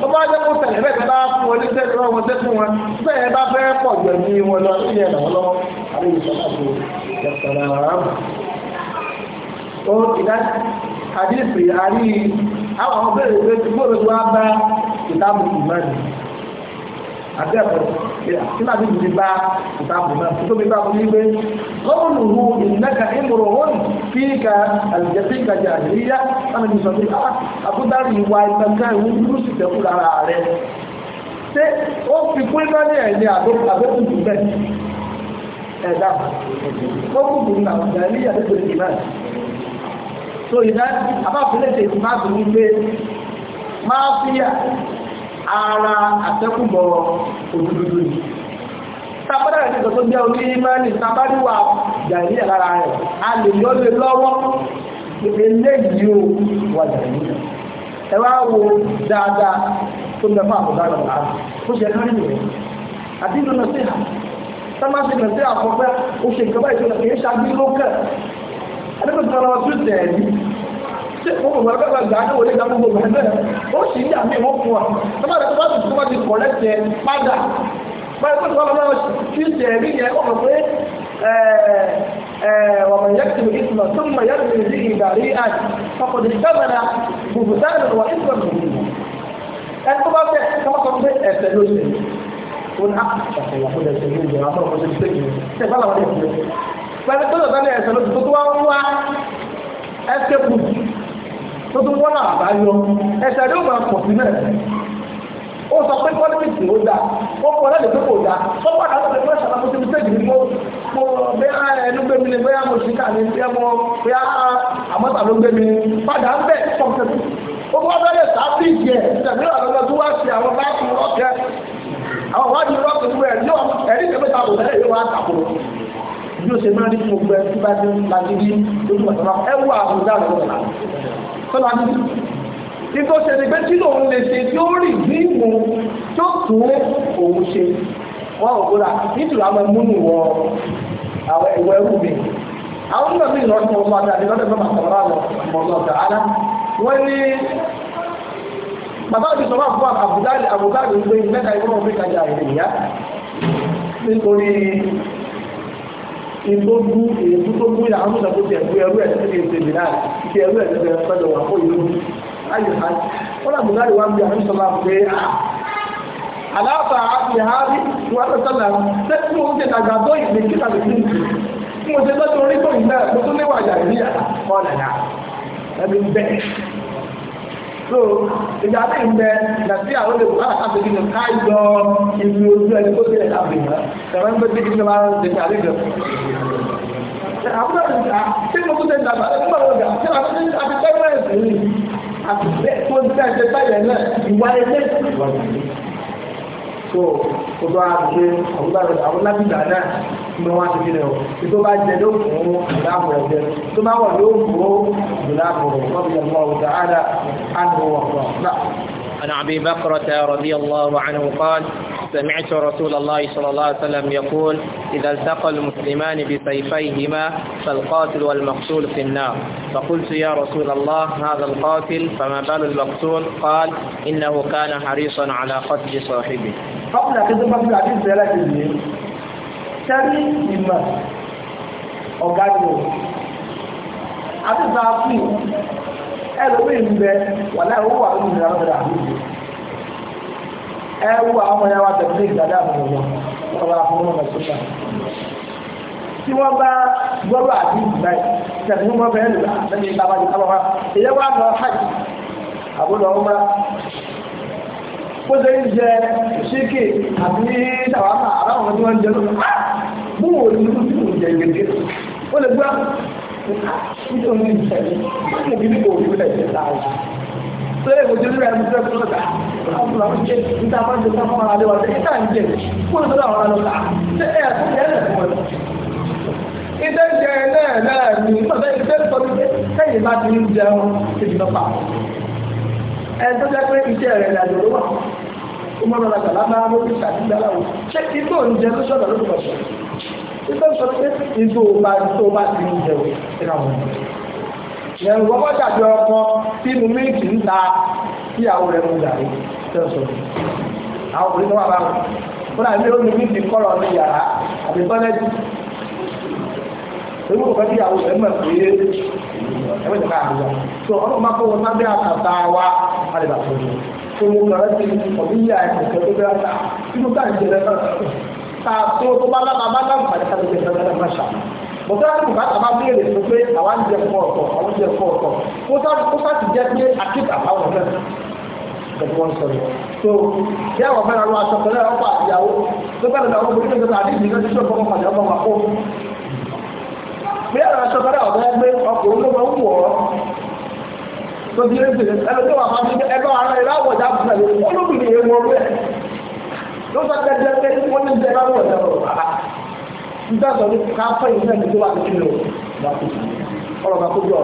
Speaker 2: tó bá jẹ́ kó ṣẹlẹ̀ bẹ́ẹ̀ bá fún wọn níṣẹ́ tó wọ́n ṣe fún wọn bẹ́ẹ̀ bá fẹ́ pọ̀ jù ní wọn lọ ilé ẹ̀rọ lọ́wọ́ àbí ìṣọ́lá tó yàtọ̀rọ̀ àbẹ́ẹ̀kọ́ kílá bí mi bá ìtàkùn náà tó mi bá mo ní pé gómìnà hu ìnáka ìmúrò wọn fi ka àlùjẹ́sí ìkàjà àjẹríyá wọn ni sọ pé ah, àbúdárì ìwà ìtàkà ìwé dúró sì tẹ̀kù lára rẹ ṣé ó fi kún iná ní ẹ̀yìn àbẹ́kùn jù bẹ́ẹ̀ ẹ̀dá ó kú kù náà àjẹríyá ló gbèsè náà so ìdá àbáfilẹ̀ ṣe ìmáàbù wípé máa fíyà ara àtẹ́kùnbọ̀ òdúdúdú ni tàbádà rẹ̀ tó jẹ́ orí mẹ́rin tàbádìwà jàìrí ẹ̀ lára rẹ̀ a lè yọ́ lè lọ́wọ́ eléyìí ó wà jàìrí ẹ wá wo dáadáa tó mẹ́fà àbúdá rẹ̀ láàrín ó ṣe kárí rẹ̀ àti ìlú nàìjíríà tọ́mà ṣe nàìjíríà kọ́ pé ó ṣe nǹkan báyìí tó nàìjíríà ṣé gbogbo ìgbà gbàgbà gbà ní òde ìdáàbò gbogbo ẹgbẹ́ ó sì ní àmì ìwọ́n fún wa tọ́ba rẹ̀ tọ́ba tuntun wá ti kọ̀ lẹ́sẹ̀ padà báyìí pẹ̀lú wọn lọ́wọ́ sí ìṣẹ̀rí yẹn ọ̀rọ̀ pé ومن يكتب إثما ثم يرمي به بريئا فقد احتمل بهتانا وإثما مبينا ẹni tó bá fẹ́ kọ́mọ́ kan pé ẹ̀sẹ̀ ló ṣe ó ní àpàtàkì
Speaker 1: àkójọ ìṣẹ̀lẹ̀ ìjọ àwọn ọmọ ọmọ ṣe ṣe ṣe
Speaker 3: ṣe bá làwọn ẹ̀sẹ̀
Speaker 2: lọ. pẹ̀lú tó lọ sọ́dọ̀ ẹ̀sẹ̀ ló ti tó wá ń wá ẹsẹ̀ kù tó tún wọ́n náà àbáyọ ẹsẹ̀ yóò máa pọ̀ sí náà ó sọ pé pọ́límìtì ó dáa ó pọ̀ lẹ́lẹ̀ pé kò dáa ó pọ̀ láti ọ̀dọ̀ ìfẹ́ ṣàlàkó sí mistake ní mo mo bẹ́ẹ̀ ẹnu gbé mi ni bẹ́ẹ̀ mo ṣì kà ní bẹ́ẹ̀ mo bẹ́ẹ̀ àmọ́ta ló gbé mi ni padà ń bẹ̀ pọ̀ tẹ̀sí ó bọ́ bẹ́ẹ̀ sáfíìsì ẹ̀ tẹ̀sí ọ̀dọ́ tó wá sí àwọn báàkì rọ́ọ̀kẹ́ àwọn wájú rọ́ọ̀kẹ́ bí ó ṣe máa rí fún gbogbo ẹ tí bá dé láti rí lójú ọ̀tọ̀lá ẹ wọ àwọn ọ̀dà àwọn ọ̀dà sọ́la ní. Ibi ó ṣe ni pé tí lòun lè ṣe tí ó rì ní ìwọ̀n tó tún òun ṣe wọ́n ò gbọ́dọ̀ nítorí àwọn múnú wọ àwọn ìwọ ẹrú mi. Àwọn náà bí ìrọ̀sùn ọmọ adé àti lọ́dọ̀ mẹ́ta sọ̀rọ̀ àlọ́ mọ̀lọ́ ọ̀dà àlá. Wọ́n ní bàbá òbí sọ̀rọ̀ àbúrò àbúdáàdì àbúdáàdì ń gbé mẹ́ta ìwọ́n ọ̀gbẹ́kájà ìrìn ìtọ́jú èyí tó gbé àwọn ìṣàkóso ẹ̀kú ẹrú ẹ̀ sí ìṣèlè náà ìṣe ẹrú ẹ̀ sí ìṣèlè sọ́dọ̀ wà fún ìlú ayé ha wọ́n làbùn láì wá bí àwọn ìṣọ̀lá pé ah, àlàáfà àti àárí wọn lọ sọ́là tẹ́tí mo ń ṣe tàgbà tó ìpè kí tàbí kí n tì tí mo ṣe lọ́dún orí tó ìgbà mo tún léwà àjà ìrìn náà ẹbí bẹ́ẹ̀ so ìgbà tí ń bẹ nàbí àwọn olè bùkátà káfí nínú káyọ ìlú ojú ẹni tó tẹ̀lé láti mọ́ tẹ̀wọ́n gbé tí kí ní wọ́n ti tẹ̀lé jọ. àbúrò ti tí mo tún tẹ̀ dàgbà tí mo lọ gà tí a ti tẹ̀ àti tẹ̀ mẹ́rin sí i àti tẹ̀ tó ń tẹ̀ tẹ̀ tẹ̀ yẹn náà ìwà ilé so tó bá gbé àwọn lábìlà náà ní wọ́n ti kílẹ̀ o tó bá jẹ ló fún ìlàbọ̀ ẹ̀jẹ̀ tó bá wọ̀ ló fún ìlàbọ̀ ọ̀gbọ̀n ìlàbọ̀ ọ̀gbọ̀n
Speaker 1: عن أبي بكرة رضي الله عنه قال سمعت رسول الله صلى الله عليه وسلم يقول إذا التقى المسلمان بسيفيهما فالقاتل والمقتول في النار فقلت يا رسول الله هذا القاتل فما بال المقتول قال إنه كان حريصا على قتل صاحبه قبل
Speaker 2: كذا قبل عديد ثلاثة جنيه سري مما أغانيه
Speaker 1: أبي
Speaker 2: ẹlòmíì ń bẹ wà láì owó àwọn ènìyàn lọ́wọ́ rẹ̀ àbí ẹ wú àwọn ọmọ yẹn wá tẹ̀lé ìgbàdá àbúrò wọn wọn bá fún wọn sọ́ṣà tí wọ́n bá gbọ́dọ̀ àbí ìgbà tẹ̀lé wọn bẹ́ẹ̀ lò lẹ́yìn ìgbà wájú káwọn wá èyẹ wá lọ hajj àbúrò ọmọ kóso ń jẹ ṣíkì àbí sàwámà àbáwọn tí wọ́n jẹ lọ́wọ́ ah! nítorí ìṣẹ̀lẹ̀ níbi ní kò wúlò ẹ̀jẹ̀ láàyè. Sọ́yẹ́ kò jẹ́ nígbà ìmúṣẹ́ tó lọ́ta, ọ̀pọ̀lọpọ̀ àwọn jẹ́ níta bá jẹ́ sáfọ́ ara léwà tẹ́ níta ń jẹ́ fún ìṣẹ́lẹ̀ àwọn alọ́ta, ṣé ẹ̀ tó jẹ́ ẹ̀ fún ẹ̀. Iṣẹ́ ń jẹ náà náà ní ìfọ̀sẹ́ iṣẹ́ sọ pé sẹ́yìn bá ti ń jẹun kejì lọ́pàá. Ẹ tó jẹ́ pé iṣẹ́ rẹ̀ ìrìnàjò ló wà. Ó mọ́ ìfẹ́ sọ pé ìgbò bá tó bá ti ń jẹun síra wọn. ìyẹn wọ́n bá dàbí ọkọ tí mo méjì ń ta ìyàwó rẹ̀ mú dàrí ìfẹ́ sọ. àwọn òbí náà bá wọn. wọn náà ní omi méjì kọ́rọ̀ ní yàrá àbí tọ́lẹ́tì. èmi kò fẹ́ kí ìyàwó rẹ̀ mọ̀ pé ẹ̀wọ̀n ìjọba àbúrò. tó ọlọ́run máa kó wọn sábẹ́ àkàtà wa á lè bàtọ́ wọn. tó mo kọ̀ tá a tó tó bá lábàá bá lábàá bá kájú jẹ fẹsẹ̀ fẹsẹ̀ mo fẹ́ kí bá tàbá bí èrè sọ pé àwa ń jẹ fún ọ̀tọ̀ àwọn jẹ fún ọ̀tọ̀ kó sá ti jẹ pé àkíkà àwọn ọ̀fẹ́ ẹ̀fọ́ ń sọ̀rọ̀ so bí àwọn ọ̀fẹ́ lọ́wọ́ aṣọ pẹ̀lú ọ̀pọ̀ àtìyàwó tó bẹ̀rẹ̀ lọ́wọ́ bó nígbà tó àdéhùn nígbà tó ṣọ̀kọ́ ọmọ àjọ ọmọ àpò bí àwọn aṣọ pẹ̀lú ọ̀fẹ́ gbé ọkùnrin ló máa ń wọ̀ ọ́ tó di ẹgbẹ̀rẹ̀ ẹgbẹ̀rẹ̀ wà máa ń ẹgbẹ̀ wà ló sọ pé ẹgbẹ́ pé wọ́n ti jẹ báwọn ọ̀dọ́ ọ̀rọ̀ bàbá nígbà tó ní ká fẹ́ ìlú ẹ̀mí tó wà ní kílò ọ̀rọ̀ bá kó jọ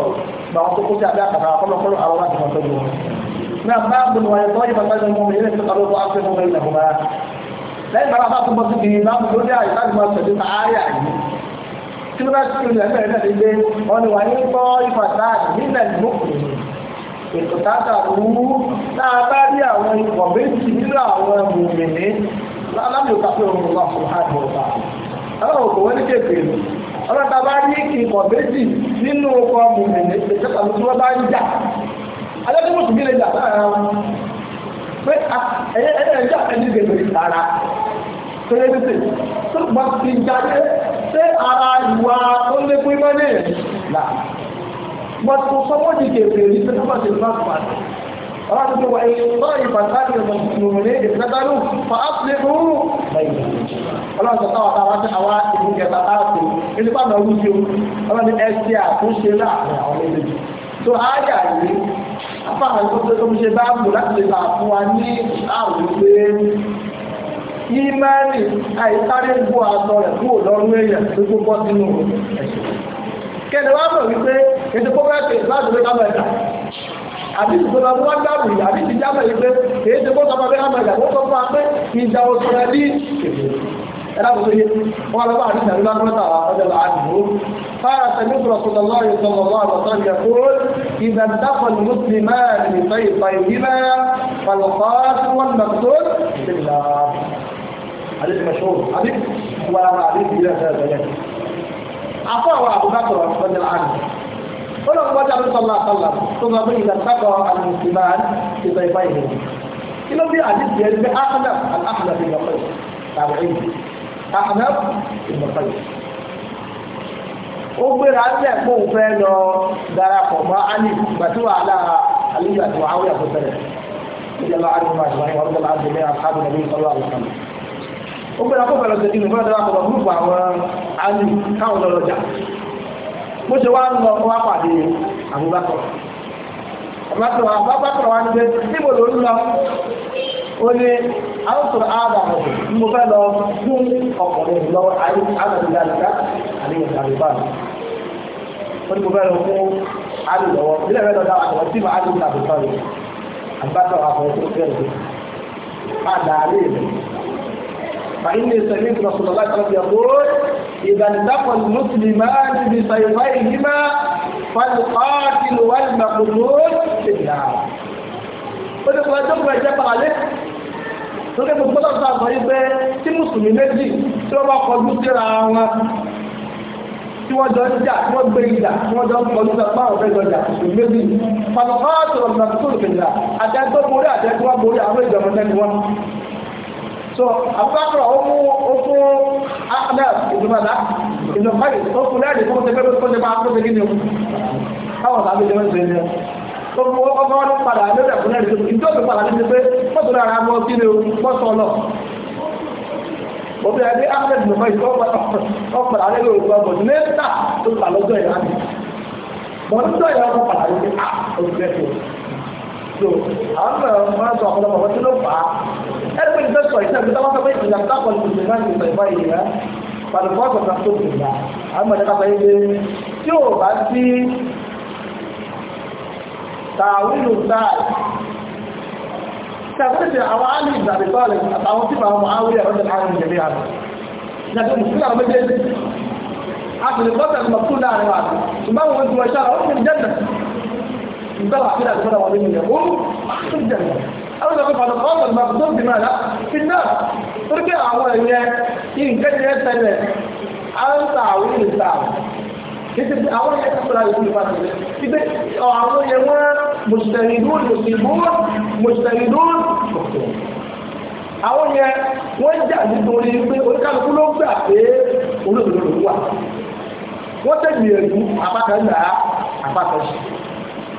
Speaker 2: bá wọn tó kó sí abẹ́ àkàtà ọlọ́kọ́lọ́ àwọn láti máa tọ́jú wọn. náà bá a bùn wáyé tọ́jú bàbá ìlú ọmọ ilé ìtọ́jú ọlọ́kọ́ afẹ́ mọ́ ilẹ̀ ọmọ lẹ́yìn bàbá bá tún sí kìnnìún náà ló dé àyè láti máa tẹ̀lé ètò tààtà wúwú náà bá rí àwọn ikọ̀ méjì nínú àwọn mùmìnì alámìlúkà pé òun wà fún àdùnkà aláwọ̀ kò wọ́n ní kéèké ọlọ́ta bá rí ikọ̀ méjì nínú ọkọ̀ mùmìnì bá ń jà tó jà wọn pé ẹ̀yẹ ẹ̀yẹ ẹ̀jẹ̀ tó ti jáde ara ìwà tó lé but for somebody to get this number is not bad ọlọ́run tó wà ní ọ̀rọ̀ ìfàǹtàkì ìmọ̀lẹ́ ìfẹ́tàlù fàáfilé fún ọlọ́run tó táwọn táwọn tí àwa ìlú kẹta táàkù nínú pàmò ọdún tí ó ọlọ́run ẹsẹ àtúnṣe láàrin àwọn méjèèjì tó ájà yìí afáàlú tó tó ń ṣe bá mú láti lè bá fún wa ní àrùn pé ìmánì àìsáré gbó aṣọ rẹ̀ kúrò kẹ́lẹ̀ wá mọ̀ wípé ètò kọ́mẹ́tì láti lè kámọ̀ ẹ̀dá àbí ìgbòmọ̀ bí wọ́n dábò yìí àbí ti jámọ̀ yìí pé èyí ti kọ́ta bá bẹ́ẹ̀ mọ̀lẹ̀ wọ́n tó fún wa pé ìjà òṣèré ní ẹ̀dá kò tóye wọ́n lọ́wọ́ àti ìdàgbà lọ́tà ọjọ́ àdìgbò fara sẹ́yìn rọ̀sọ̀tọ̀ lọ́rọ̀ sọ̀rọ̀ lọ́rọ̀ sọ̀rọ̀ يقول إذا دخل المسلمان بسيف بينهما فالقاتل والمقتول في النار حديث مشهور حديث ولا حديث بلا هذا afọ àwọn àbúkátọ̀ ọ̀dọ̀ àná olùkọ́jà ló sọ̀rọ̀ àtàlà tó sọ pé ìdàtàkọ̀ àlùmùsùlùmá ti sọ ìfá ìhìn kí ló bí àdìsí ẹni pé ahmed alahmed ìgbàpẹ́ tàbí ẹni ahmed ìgbàpẹ́ ó gbéra ńlẹ̀ kó o fẹ́ lọ darapọ̀ mọ́ ali gbàtí wàhálà aliyu àti wàhálà kò ṣẹlẹ̀ ìjọba àdìmọ̀ àti wàhálà àti wàhálà àti wàhálà àti ó gbẹ́ra kó bẹ̀rẹ̀ sẹ́kínù fún ẹ̀dọ́ra kọ̀ọ̀kan gúrùpù àwọn àlù káwọn lọ lọ́jà bó ṣe wá ń lọ wá pàdé àbúbákọ̀ àbúbákọ̀ àbúbákọ̀ wá ní pé níbo ló ń lọ ó ní àwòsàn àdàmọ̀ ní mo fẹ́ lọ fún ọkùnrin lọ́wọ́ àdàmọ̀ àdàmọ̀ àdàmọ̀ wọ́n ti mo fẹ́ lọ fún alu lọ́wọ́ ilé ẹ̀rọ lọ́dọ̀ àwọn tí mo alu ń tàbí sọ́ọ̀rọ̀ àbúbákọ̀ àbọ̀ tó kẹ́rù àdàlẹ́ فإني سمعت رسول الله صلى الله عليه وسلم يقول إذا التقى المسلمان بسيفيهما فالقاتل والمقتول في النار. Wọ́n ti sọ ẹjọ́ fún ẹjẹ́ pàálẹ́. Lókè gbogbo náà sọ àgbáyé pé tí Mùsùlùmí méjì tí wọ́n bá kọjú síra wọn tí wọ́n jọ ń jà tí wọ́n gbé ìjà tí wọ́n jọ ń kọjú sí apá ọ̀fẹ́ ìjọjà méjì pàtàkì ọ̀tọ̀ ọ̀tọ̀ tó lè fẹ̀yà àtẹ́gbẹ́ borí àtẹ́gbẹ́ borí àwọn ìjọba náà ni wọ́n so abubakar ọmọ ọmọ ahmed ìdúmọ̀lá ìdúmọ̀lá ọkùnrin láti fún ọjọ́ tó ṣe máa fún ẹgbẹ́ káwọn sábẹ́ ìjọba ìṣẹ́ ni ọmọ ọmọ wọn padà lórí ẹ̀kúnlẹ̀ ìṣẹ́ ìjọ tó padà nínú pé mọ́tò náà ra mọ́ kí ni o mọ́tò ọlọ́ òbí ẹni ahmed ìdúmọ̀ ìṣẹ́ ọ̀pọ̀lá lórí òkúta bọ̀ mẹ́ta tó pàlọ́jọ́ ìlànà bọ̀ nígbà yẹn ọkọ̀ so àwọn náà máa sọ ọ̀pọ̀lọpọ̀ wọn tí ló fà á ẹgbẹ́ ìgbẹ́ sọ ìṣe ìgbẹ́ tọ́wọ́ sọ́pẹ́ ìṣẹ̀lẹ̀ àtàkọ̀ ìṣẹ̀lẹ̀ náà ìṣẹ̀lẹ̀ ìfọ̀ ìyẹn pàdùkọ́ sọ̀tà tó kù gbà àwọn mọ̀lẹ́ kápẹ́ yé tí ò bá sí tàwílù táà tàbí àwọn àmì ìgbàdì sọ́ọ̀lẹ̀ àtàwọn tí màá mọ̀ áwúrẹ́ ọ̀dọ̀ láàrin ìjẹ̀lẹ̀ àná ìyàtọ̀ mùsùlùmí àwọn méjèèjì a sì lè bọ́sẹ̀ mọ̀kú láàrin wa ṣùgbọ́n wọn ti wọ انبلع كده الفرع ولم يقوم محصول الجنة أولا قفع القاطع المقدور بماذا؟ في النار ترجع أولا إن كان يتنى عن تعويل الدعوة كتب أولا يتحصل هذه الفرق كده أولا يوان مجتهدون مصيبون مجتهدون مخطئون àwọn yẹn wọ́n jà nítorí pé oníkàlùkù ló gbà pé olóòdòdó wà wọ́n tẹ̀gbìyànjú apákan náà apákan ṣe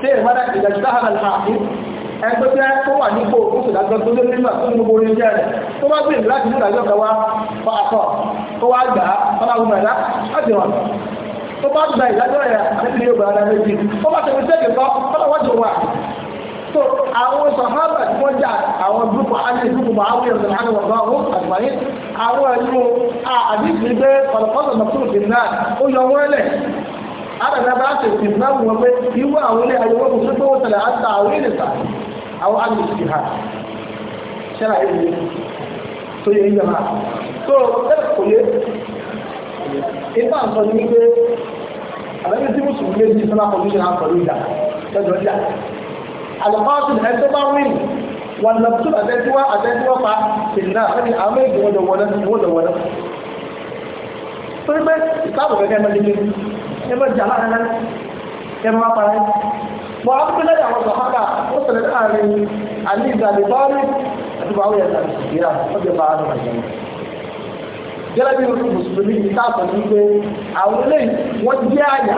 Speaker 2: tí èèyàn bá ìdájú dáhàrà láàbí ẹgbẹ́ jẹ́ tó wà nípò oṣù ìdájọ́ tó lé nígbà tó ní gbogbo orí jẹ́ rẹ̀ tó bá gbìyànjú láti ní ìdájọ́ kan wá fa àkọ́ tó wá gbà á ọlọ́run mẹ́ta láti wọn tó bá gba ìdájọ́ rẹ̀ àti ilé so àwọn sọ̀hábà tí wọ́n jà àwọn gúrùpù alẹ́ gúrùpù àwọn èèyàn sọ̀rọ̀ àwọn ọ̀gá ọ̀hún àgbáyé àwọn ẹ̀lú àdìsí gbé pọ̀lọ̀pọ̀lọ̀ nàkúrù sí adana ba ta fi na mu wani yiwa a wani a yiwa musu ta wata da an ta a wani ta a wa an yi ha shara yi ne to yi yama to kada ku ne ina sọ ní pé àlejò tí mùsùlùmí méjì sọlá kọmíṣẹ náà sọ ní ìjà lọ́jọ́ ìjà àlùfáàtù ẹgbẹ́ bá wí wọn lọ tún àtẹ́tíwá àtẹ́tíwá pa ìlànà àti àwọn èdè wọn lọ wọlé wọn lọ wọlé. pé pé ìsáàbò gẹ́gẹ́ mẹ́lẹ́lẹ́ ẹ má jà láàrin náà ẹ má pa ẹ. mọ abúlé àwọn sọ̀hábà ó ṣẹlẹ̀ láàrin àní ìgbàlẹ̀ bọ́ọ̀lì àti báwọn yẹn tàbí ìgbéra ó jẹ bá àwọn àjẹmọ́. gẹ́lẹ́ bí mùsùlùmí ti káàkiri wípé àwọn eléyìí wọ́n jẹ́ àyà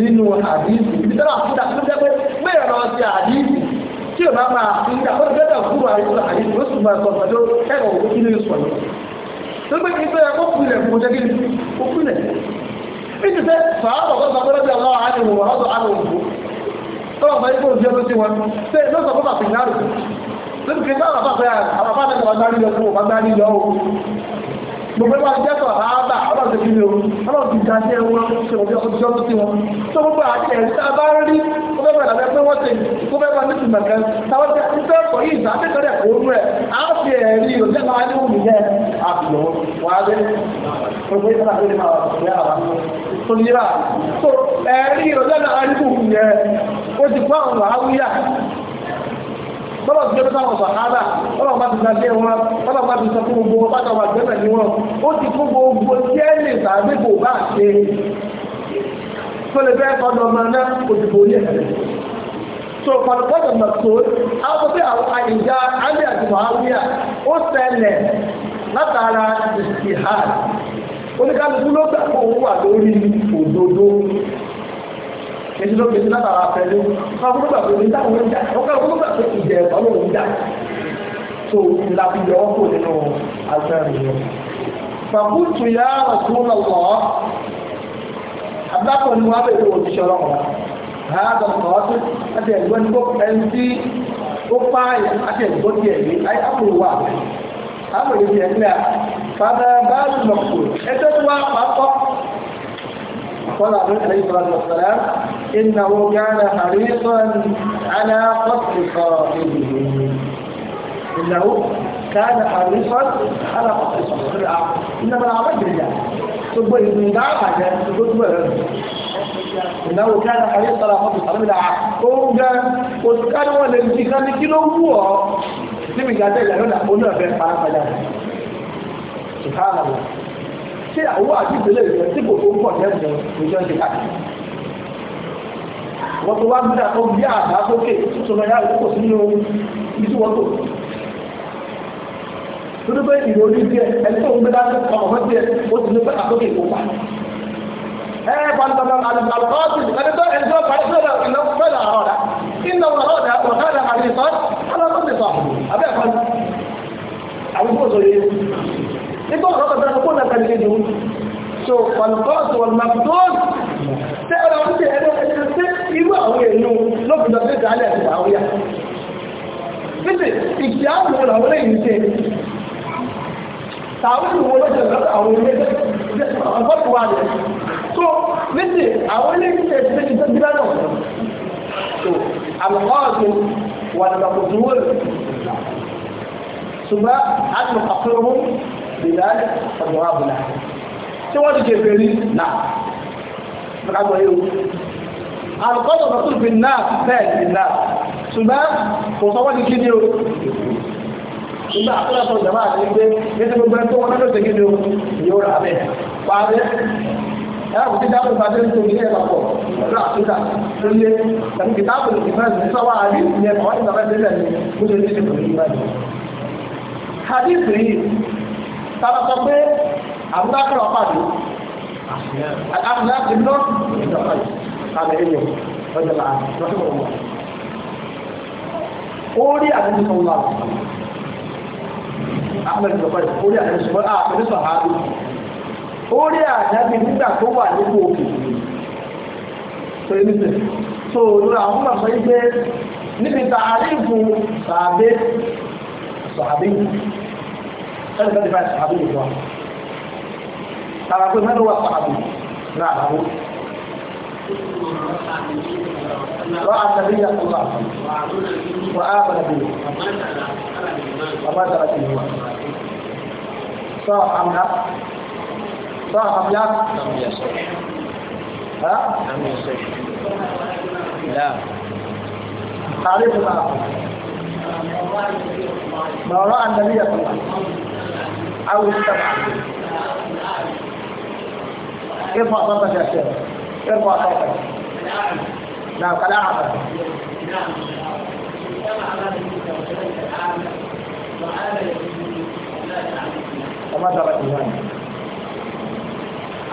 Speaker 2: nínú àdìsí ibi tí wọ́n àfúdà tó jẹ́ pé mẹ́rin lọ sí àdìsí tí o máa máa fi ìgbà fún títí tẹ́ sàábà tó sọ pẹ́lẹ́bí aláwọ̀ ánìwò ọ̀rọ̀dọ̀ ánìwò tọ́wọ́ sọ ikú òṣìṣẹ́ tó ti wọn tẹ́ ló sọ fún àfihàn rẹ̀ lóbi kí náà àbáfẹ́ àbáfẹ́ àtẹ́kọ̀ọ́ gbogbo bá jẹ́ sọ̀ ààbà ọlọ́dún kí ni o ọlọ́dún ti dájẹ́ wọn ṣe òbí ọkọ̀ tó ti wọn tó gbogbo àti ẹ̀rí tá a bá rí kó fẹ́ bẹ̀rẹ̀ abẹ́ pé wọ́n ti kó fẹ́ bá ní tìmọ̀ kan táwọn ti ń fẹ́ kọ́ yìí ìdákẹ́kọ̀ọ́ kò rú ẹ̀ á fi ẹ̀rí òjẹ́ máa ní òmì yẹn àbùlọ̀ wáyé gbogbo ìgbà tó bọ́lá ti gbé sáwọn sàhádà bọ́lá bá ti sàgbé wọn bọ́lá bá ti sàkó gbogbo bàtà wà gbẹ́mẹ̀ ní wọn ó ti kó gbogbo tí ẹ lè sàgbé kò bá ṣe tó lè fẹ́ kọ́ ọmọ náà kò ti kò yẹ so pàtàkì mọ̀tòó àwọn tó fi àwọn àyíjá alẹ́ àti mọ̀háwíà ó ṣẹlẹ̀ látara ìsìhà oníkálukú ló gbà kó wà lórí òdodo èyí ló fi látara pẹ̀lú ọkọ̀ gbogbo àti ìdáhùn ìjà ọkọ̀ gbogbo àti ìjẹ̀ ẹ̀kọ́ ló ń jà tó ìlàfi yọ ọkọ̀ nínú àgbẹ̀rù yẹn. fàkútù yà ọ̀tún lọ́wọ́ abúlákọ̀ ni wọ́n á bẹ̀rẹ̀ òṣìṣẹ́ ọlọ́wọ́ hàádọ̀ kọ́ọ́tù àti ẹ̀gbọ́n ní gbogbo ẹni tí ó pààyà àti ẹ̀gbọ́n ti ẹ̀rí ayé àpòlù wà àpòlù ti ẹ̀rí náà fàdà bá lọ́kù ẹjọ́ tí wọ́n á pàápọ̀ صلى عليه عليه الصلاة والسلام إنه كان حريصا على قتل صاحبه إنه كان حريصا على قتل صاحبه إنما العمل بالله تبقى من دعوة تبقى إنه كان حريصا على قتل صاحبه أوجا وكان والانتقام كيلو هو لمن قال لنا هنا في الحرام سبحان الله ṣé owó àti ìdílé rẹ̀ tí kò tó ń pọ̀ lẹ́gbẹ̀ẹ́ ìjọ ṣe káàkiri. wọ́n tó wá gbúdà tó bí àdá sókè tuntun ẹ̀yà ìkókò sínú ibi wọ́n tò. torí pé ìròyìn díẹ̀ ẹni tó ń gbé dájú ọmọ díẹ̀ ó ti ní pẹ́ àsókè kó pa. pàtàkì àlùkọ́ọ̀tì ẹni tó ẹni tó parí sílẹ̀ ìlọ́pẹ́lẹ̀ àrọ̀dá ìnáwó àrọ̀dá ọ̀kadà àrìsọ́ nígbà ọ̀rọ̀ kan tó kó náà kàlí lè dùn so kọ̀lùkọ́ọ̀tù ọ̀nàmọ̀tòọ́n tẹ́ ọ̀rọ̀ ń tẹ ẹ̀rọ ẹ̀rọ sí irú àwọn èèyàn lóbi lọ sí ìdálẹ̀ àti ìbáwíyà títí ìgbà àwọn ọ̀rọ̀ lè yìí ṣe tàwọn ìwọ lọ́jọ́ lọ́dọ̀ àwọn ilé ọgọ́tù wà lẹ̀ so títí àwọn ilé iṣẹ́ ti ti tó dídá náà so àlùkọ́ọ̀tù wà lọ́dọ̀ ìdájọ́ ọ̀dọ̀ àbùlà tí wọ́n ti jẹ fèrè náà nígbàgbọ́ yóò àlùkọ́dọ̀ tó tún fi náà bẹ́ẹ̀ ní náà ṣùgbọ́n kò sọ wọ́n ti kí ni o ìgbà àkúrà sọ jàmá àti gbé nítorí tó wọn lọ́dọ̀ ni o yóò rà bẹ́ẹ̀ pàdé ẹ̀rọ kò ti dáhùn ìpàdé ní tòun ní ẹ̀rọ pọ̀ ọ̀dọ́ àfíríkà tó lé tàbí kìtàbù ní ìfẹ́ǹsì ní sọ́wọ́ àrí ìyẹn tàbí sọ pé àbúrákọ̀ ọ̀pàdé àbúrákọ̀ iná ìjọpàdé tàbí ẹ̀yọ ọjọ́ láàrín lọ́sọ̀ wọn. orí àdéhùn sọ wọn àmọ́ ìjọpàdé orí àdéhùn sọ wọn ah, àpẹẹrẹ sọ àádọ́ orí àdábì nígbà tó wà nípò òkè tó yẹ nípò tó lóra àwọn ọmọ sọ yí pé níbi tààrí ìfún sàbẹ sàbẹ ẹni tó ti bá ìsàbí ìjọ tààrà pé mẹ́rin wà sàbí náà àbú wọ́n àtàbí yàtọ̀ wà wọ́n á bàrà bí wọ́n
Speaker 1: má tàrà sí ìwà
Speaker 2: sọ àmì sọ àmì yá ها؟ لا تعريف ما رأى النبي صلى الله عليه وسلم أو السبعة ارفع صوتك يا شيخ كيف صوتك نعم قد أعطى نعم وما درك الإمام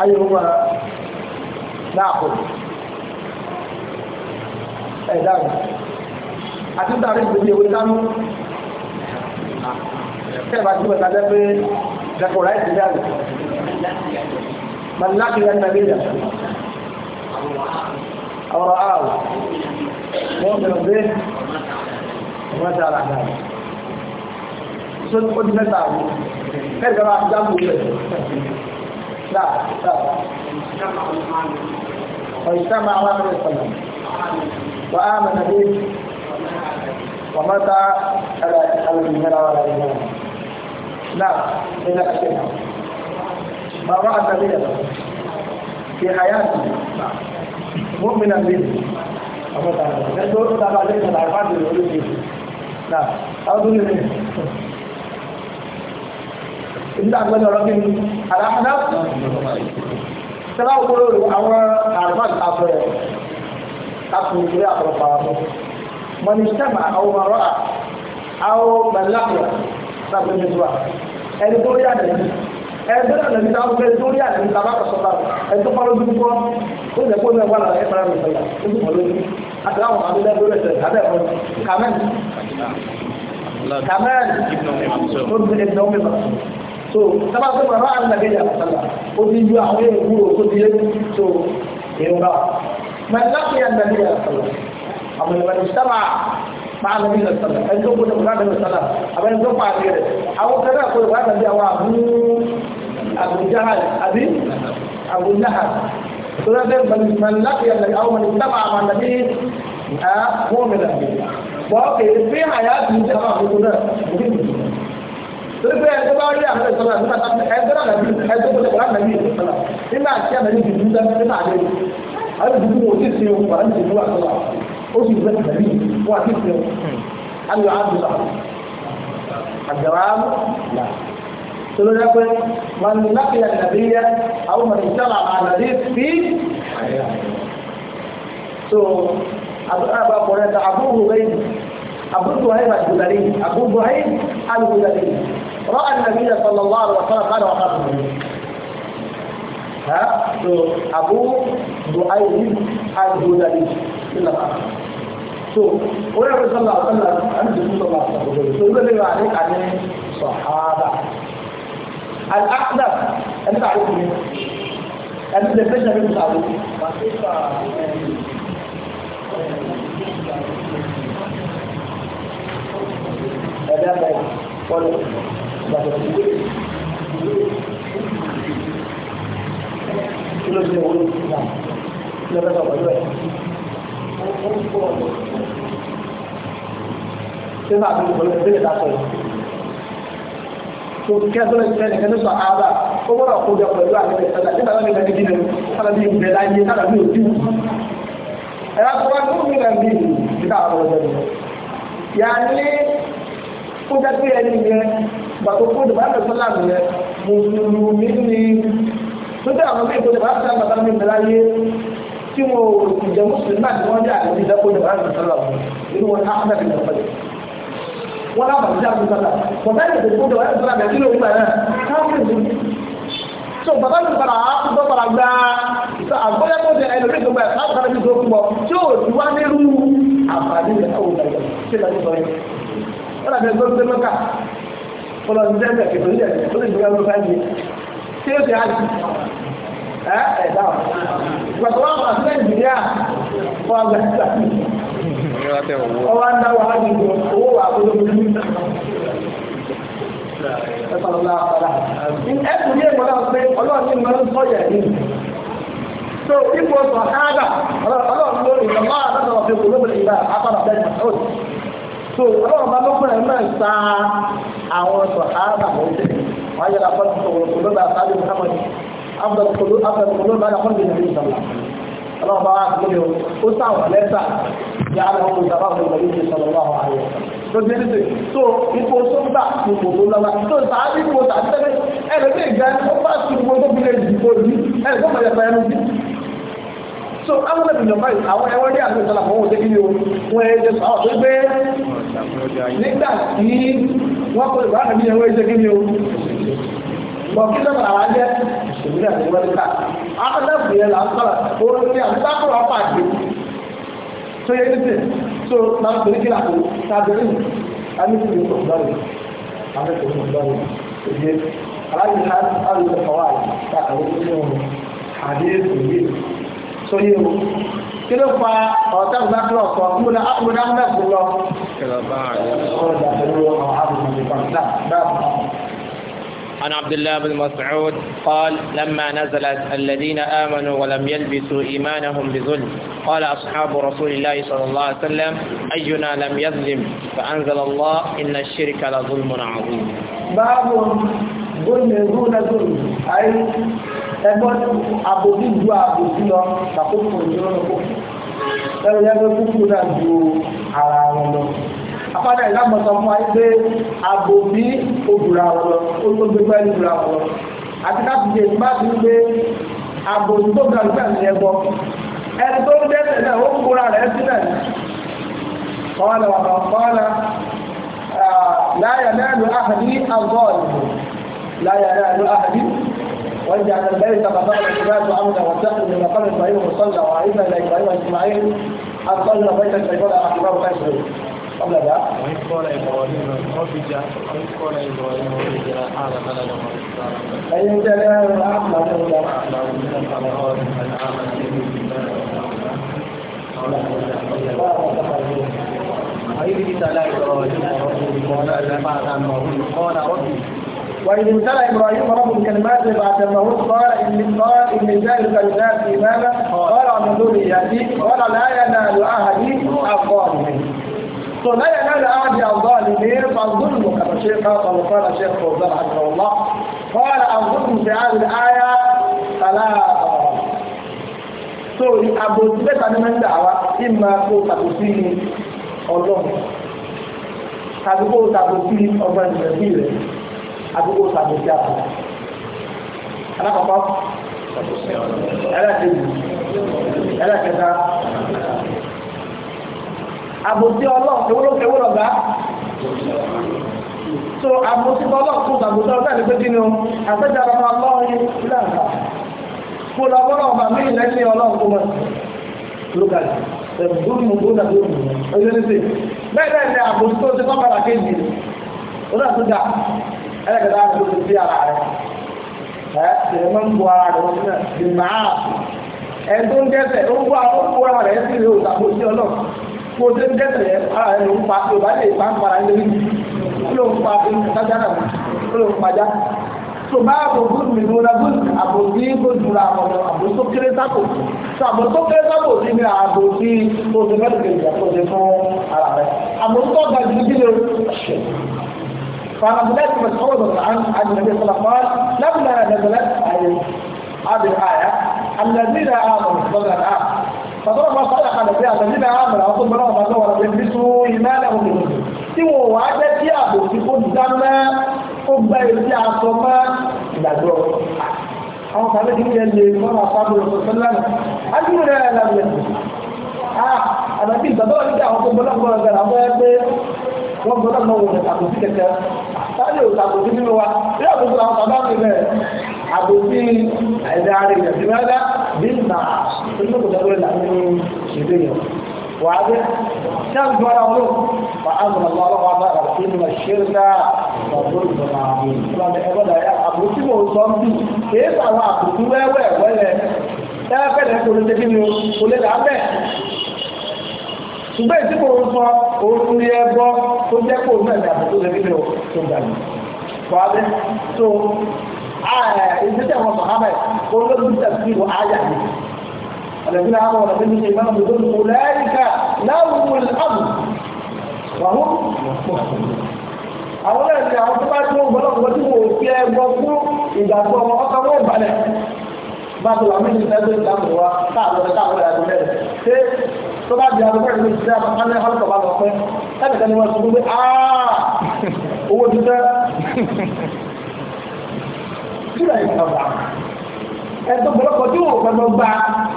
Speaker 2: أيهما نأخذ تعرف أتدرك باليهودان kẹ́ẹ̀bá tí wọ́n tàbí pé dẹ̀kọ̀ láìsí dáàbò màláàkì yẹn nàbí yà ọ̀rọ̀ ààrùn wọ́n mẹ́rin bẹ́ẹ̀ wọ́n tààrà náà tó ó di mẹ́ta àwọn mẹ́rin kẹ́ẹ̀bá ti ومتى على المنى ولا المنى نعم من أكثرها ما رأى النبي في حياته مؤمنا به ومتى على المنى تابع لك العرفات العلوم نعم أظن منه إلا أقبل ربي على أحنا ترى أقول àwọn àrùbá ìtàkùn rẹ̀ láti ìgbé àpọ̀lọpàá من اجتمع أو ما رأى أو من لقي صاحب النسوة ẹ̀dùnúrí àdàlẹ́ ẹ̀dùnúrí àdàlẹ́ nígbà wọ́n ẹ̀dùnúrí àdàlẹ́ nígbà wọ́n sọ̀tà ẹ̀dùn pàrọ̀ ojú kọ́ ó lè kó ní ẹ̀wọ́n àlàyé fara mi sọ̀tà ó sì pọ̀lú ojú àtàwọn àdúgbò ẹ̀dùnúrí ẹ̀sẹ̀ àbẹ̀fọ́ kàmẹ́n kàmẹ́n ó ti ẹ̀dùn ọmọ ìmọ̀ so sábà tó bàbá àgbàgbéjà sọ̀tà ó ti ju àwọn èèyàn kúrò tó ti yé so èèyàn bá àwọn ìwà ìṣẹ́mà máa lọ nílẹ̀ sọ̀rọ̀ ẹni tó gbọ́dọ̀ bùrọ̀ àdàbẹ̀ sọ̀rọ̀ àwọn ẹni tó pa àti rẹ̀ àwọn kẹ́kẹ́ àkóyè bá dàbí àwọn àbú àbújáhà àbí àbújáhà tó lọ́dẹ̀ mọ̀lẹ́ láti ẹ̀lẹ́ àwọn mọ̀lẹ́ sábà àwọn àdàbí wọ́n mẹ́lẹ̀ wọ́n kèrè pé àyà ti ń jẹ́ àwọn àkókò náà torí pé ẹgbẹ́ bá rí àwọn ìsọ̀rọ̀ nígbà tá ẹgbẹ́ náà nàbí ẹgbẹ́ tó lọ́kọ̀ọ́ nàbí ìsọ̀rọ̀ nígbà tí àmì ìdìbò ń bẹ́ẹ̀ nígbà àdéhùn àwọn ìdìbò wọn ò sì ṣe òkú àti ìdìbò àtọ́wà ó sì fẹ́ tẹ̀lé hmm. wọ́n àti ìfẹ́ alùpùpù àdùbà àgbàrá là tolóyá pé wọn ní láti yà nàbíyà àwọn ọmọ ìṣẹ̀lẹ̀ àlàdé fi àyà so àbúrò àbúrò àbúrò rẹ àbúrò buhari àdùbàrí àbúrò buhari àdùbàrí rọ ànàbíyà sọlọlọ àrùn àfọlọ àfọlọ àfọlọ ha so àbúrò buhari àdùbàrí. إلا العقل so wọ́n yàgò sọ́lá ọ̀sọ́lá àti ìdìbò sọ́lá ọ̀sọ́lá so wọ́n lè wà ní àní sọ̀hábà àkàdà ẹni tààrí kù ní ẹni tẹ fẹ́ sẹ́ni tààrí kù. ẹ̀dá bẹ̀rẹ̀ wọ́n gbàgbọ́ sí i. kí sígbà tó ń bọ̀lẹ̀ sílẹ̀ lásán yìí. tó kí ẹgbẹ́ ìṣẹ́ nìkan ní sàhábà ó gbọ́dọ̀ kó jọ pẹ̀lú àwọn ìṣẹ́lá nígbà tó ń bẹ níbi nínú sára bí ìbẹ̀ láyé sára bí òjú. ẹ̀rọ tó wá ni. yà á ní kó jẹ́ ni tó jẹ́ àwọn bí ìkó jọba ẹ̀rọ tí mo kì jẹ́ mùsùlùmí náà tí wọ́n jẹ́ àti ìdẹ́kọ̀ ìjọba àti ìsọ́lá inú wọn ahmed bin ọ̀fẹ́ wọn lábà sí àti ìsọ́lá bàbá ìdè tó jọba àti ìsọ́lá bẹ̀rẹ̀ ìgbà náà káfíń ní. so bàbá mi fara àkùkọ fara gbá ìsọ àgbọ̀yẹ tó jẹ ẹnu nígbà gbà láti fara mi tó kú bọ tí ó ti wá nírú àǹfààní rẹ̀ káwọn ìgbà ṣe lọ nípa rẹ̀ wọn làbẹ̀ gbọ́dọ̀ mẹ́ka fọlọ́ ní dẹ́gbẹ̀ kẹfẹ́ ní dẹ́gbẹ̀ ẹ̀dá pẹ̀lú àwọn àti nàìjíríà fún àgbà títà ọwọ́ ń dáwọ́ àgbègbè owó wà kó ló ń ẹ̀sùn yé ìmọ̀lá pé ọlọ́run ní ìmọ̀lá ń sọ̀yà yìí so ipò sọ̀ hágà ọlọ́run ló ìjọba àtàtà ọ̀fẹ́ kò lóbìnrin ìgbà apára bẹ́ẹ̀ so ọlọ́run bá lókùnrin náà sa àwọn sọ̀ hágà mọ́tẹ́ wọ́n yẹra fọ́nà kò lóbìnrin àtàlẹ́ afdal kolo afdal kolo bá dàkọ́ nínú ìlú ìsọ̀lá ọlọ́run bá wà kúrò yóò ó sáwọn lẹ́tà yà á lọ́wọ́ So fún ìlú ìsọ̀lá ọlọ́run àyẹ̀wò tó ti ní sè so ipò sóńtà ipò tó lọ́la tó sàájú ipò tàbí ẹ̀rẹ́dẹ́ ìgbà ó bá sùn gbogbo tó fi lè dìbò yìí ẹ̀rẹ́dẹ́ ọmọ yẹn fẹ́ ẹnu bí so àwọn ẹbí lọ báyìí àwọn ẹwọn ní àti ìsọlá fún òde kíni o wọn ẹ jẹ sọ ọ pé
Speaker 3: nígbà tí
Speaker 2: wọn kọ ìwà àmì ẹwọn ẹ jẹ kíni o bọ̀kítà làwọn jẹ́ ìṣèlú àti mẹ́ríkà akọ́dàbù yẹn là ń sọ̀rọ̀ orin ní àtúntàkùrọ̀ pàdé tó yẹ títì tó máa ń pè é kí làkó tábìlì amíkùrù ọ̀gbọ́rẹ̀ amíkùrù ọ̀gbọ́rẹ̀ èdè aláàbí ha alùpùpù ọ̀wá àtàkùrọ̀ nínú àdéhùn yìí tó yẹ o kí ló fa ọ̀tá ìgbàkúrọ̀ kan múna ápùnà ápùnà tó lọ. kẹlẹ bá a yẹ. ọ̀rọ̀ ìgbà pẹ̀lú àwọn àbùkù
Speaker 1: عن عبد الله بن مسعود قال لما نزلت الذين آمنوا ولم يلبسوا إيمانهم بظلم قال أصحاب رسول الله صلى الله عليه وسلم أينا لم يظلم فأنزل الله إن الشرك لظلم عظيم
Speaker 2: باب ظلم دون ظلم أي ẹgbọ́n àbòbí ju àbòbí lọ ṣàkóso ìjọba ẹgbẹ́ kúkú náà ju ara wọn lọ afádà ìlàmọ̀sọ fún wa pé àbò bí òbúra ọ̀rọ̀ olùgbégbé ìbúra ọ̀rọ̀ àti láti jẹ ìgbà tí ń gbé àbò tó gbà nígbà ní ẹbọ ẹni tó ń dẹ́sẹ̀ náà ó kóra rẹ̀ sílẹ̀ ní kọ́ọ̀lá wà kọ́ọ̀lá láyà náà ló àhàdí àgọ́ọ̀lù láyà náà ló àhàdí وجعل البيت مقام العباد عمدا وسهلا من مقام ابراهيم وصلى وعيدا الى ابراهيم اجمعين اطلنا بيت الشيطان احباب خير قبل ذا وإذ قال إبراهيم رب اجعل وإذ قال إبراهيم رب اجعل هذا بلدا وإسرائيل فإن قال إن وإذ ابتلى إبراهيم قال إني قال إني إماما قال من ذريتي قال لا ينال أهلي منه فلا ينال عهد الظالمين فالظلم كما الشيخ قال وقال الشيخ فوزان رحمه الله قال الظلم في هذه الآية ثلاثة sórí àbòsí mẹ́ta ní mẹ́ta àwa tí máa kó tàbòsí ní ọlọ́run tàbí kó tàbòsí ọgbà ìrẹsì rẹ̀ àbí àbòsí ọlọ́run ewúrọ́kẹ́ wúrọ̀gá so àbòsí ọlọ́run fún àbòsí ọlọ́run ní pé kí ni o àtẹ́jà ọmọ ọlọ́run ìlànà fún ọlọ́run ọba mí lẹ́sìn ọlọ́run tó mọ̀ lókàlì ẹ̀bùdùnmù tó dàbí òmùnà orílẹ̀-èdè bẹ́ẹ̀ bẹ́ẹ̀ ni àbòsí tó ti kọ́kàrà kéjì ọdún àtúndà ẹlẹ́gbẹ̀dá àbòsí sí ara rẹ̀ ẹ̀ ẹ̀ mọ́ ń bu mo ṣe ń gẹ́sẹ̀ yẹn ara rẹ̀ ló ń pa yorùbá lè pa ń para ilé níbi ló ń pa ìtajà náà ló ń pajá tó bá àbòkú mìíràn lágbó àbòsí gbòdúrà àbòsí àbòsó kéré sápò tó àbòsó kéré sápò sí ní àbòsí oṣù mẹ́rin kejì àtòsí fún ara rẹ̀ àbòsó ọ̀gá ju kí ló ṣe. فعن عبد الله بن مسعود رضي الله عنه عن النبي صلى الله عليه وسلم قال لما نزلت هذه الايه الذين امنوا صلى الله فضرب صدقة الذي أتمنى عمل أصول من رغم أنه رب يلبسوا إيمانهم منهم سوى وعدة يأبو تكون دمى ọgbà èsì àtọ́mọ́ ìgbàgbọ́. Àwọn kan lókè ní ẹlẹ́ fún àpapọ̀ ìṣọ̀tún lánàá. A ti rẹ̀ lálẹ́. A àbẹ̀bí ìgbàgbọ́ ní àwọn tó gbọ́dọ̀ gbọ́dọ̀ gbọ́dọ̀ àwọn ẹ pé wọ́n gbọ́dọ̀ mọ òun ìtàkùn sí kẹ̀kẹ́. Sáyẹ̀ òtàkùn sí nínú wa, bí àkókò àwọn bàbá mi bẹ̀rẹ̀ àbòsí ẹ̀dá rẹ̀ ìrìnàdá bí i máa nínú kò dábúrẹ̀ láàrin ìdí yẹn wà á bẹ́ sáàbù bọ́ra wọn wà á mọ̀ lọ́wọ́ lọ́wọ́ bá rà sí ìmọ̀ ṣẹ́rẹ́dá ọ̀gbọ́n ìjọba àmì ìgbàlẹ̀ ẹgbọ́dà yá àbòsí mò ń sọ ń bì kìí sàwọn àbòsí kò ní tẹ́kí ni kò lè dábẹ́ ṣùgbọ́n tó ìgbésẹ̀ wọn sọ̀hábà ẹ̀ olóògùn tàbí ìwọ ayà ni ọ̀lẹ́gbẹ́ni àwọn ọ̀lẹ́gbẹ́ ní ìmọ̀ ọ̀dọ́ ní ọ̀lẹ́ríkà láwùjọ ìlànà wàhùn àwọn náà ní àwọn tó bá tó gbọ́dọ̀ tí wọ́n fi ẹ gbọ́ fún ìgbàgbọ́ ọmọ ọkọ̀ wọn balẹ̀ bá tó wà méjì sẹ́gbẹ́ ìdáàbò wa káàbọ̀ káàbọ̀ ìdáàbò rẹ̀ ṣé tó bá di àgbẹ̀fẹ́ ìlú ìṣẹ́ àpáńlẹ̀ ọlọ́pàá bá sílẹ̀ ìjọba ẹ̀tọ́ gbọ́lọ́kọ̀ tí wọ́n gbẹ̀gbọ́ gba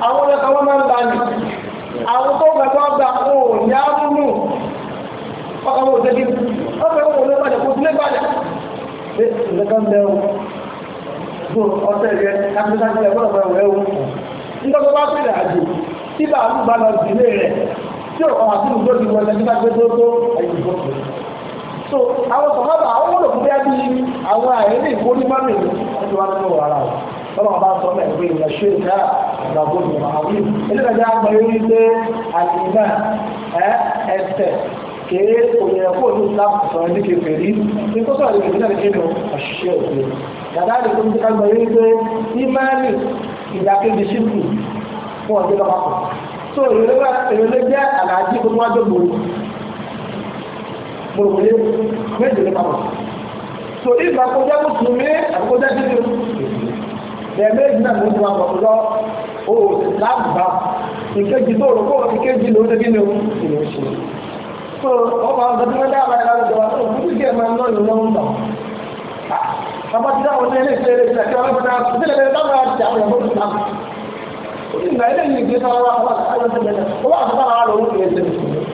Speaker 2: àwọn ọlọ́kọ̀ wọn máa ń gba ni àwọn tó gbẹ̀gbọ́ gba wọn ò ní àdúgbò ọkọ̀ wọn ò tẹ́jú ọkọ̀ wọn ò ní balẹ̀ kó tilé balẹ̀ ṣé ìlẹ́kọ̀ ń bẹ̀rù fún ọ̀sẹ̀ rẹ̀ kápẹ́tà tilẹ̀ gbọ́dọ̀ bẹ̀rù rẹ̀ wù nítorí wọ́n fi rẹ̀ àjò tí bàálù bá lọ sí ilé rẹ̀ tí ò so àwọn sọ̀hábà àwọn wọ́n lò fún bíá bíi àwọn àìní ìgbóni mọ́mì ní wọ́n ti wá ara tọ́lá wọn bá sọ mẹ́ pé ìyẹn ṣe ìdá ìgbàgbọ́ ní àwọn eléyàjá àgbà yóò rí pé àtìmá ẹsẹ̀ kéé òyìn ẹ̀kọ́ òní islam sọ̀rọ̀ ní kẹfẹ́ rí ní tó sọ̀rọ̀ ìgbésẹ̀ náà kéde àṣìṣe òkè yàrá àdìgbò ní ká gbọ́ yóò rí pé ìmáàlì ìdákéjì ṣíkù fún ọjọ́ lọ́pàá so ìrẹ́lẹ́ jẹ́ àlàájì wájú gbòòrò mọ̀rọ̀mọ̀lé méjì ní pamọ́ so ìgbà kọjá kó tún mí àkójá títí bẹ́ẹ̀ méjì náà ló ń gba ọ̀pọ̀ lọ o lágbà ìkejì tó rò kó ìkejì ló ń ṣe kí ni o kì ní ṣe so ọmọ àwọn ọ̀dọ́ tí wọ́n dá àbáyé lálẹ́ jọ wá tó kú sí ẹ̀ma náà ló ń lọ àbá tí táwọn ní ilé ìṣe eré ìṣe àti ọlọ́pàá náà sí ilé ìṣe táwọn àti àwọn ẹ̀mọ́ tó sáà ó sì gbà ilé ìgbésẹ̀ wọn wá wá àwọn ọ̀dọ́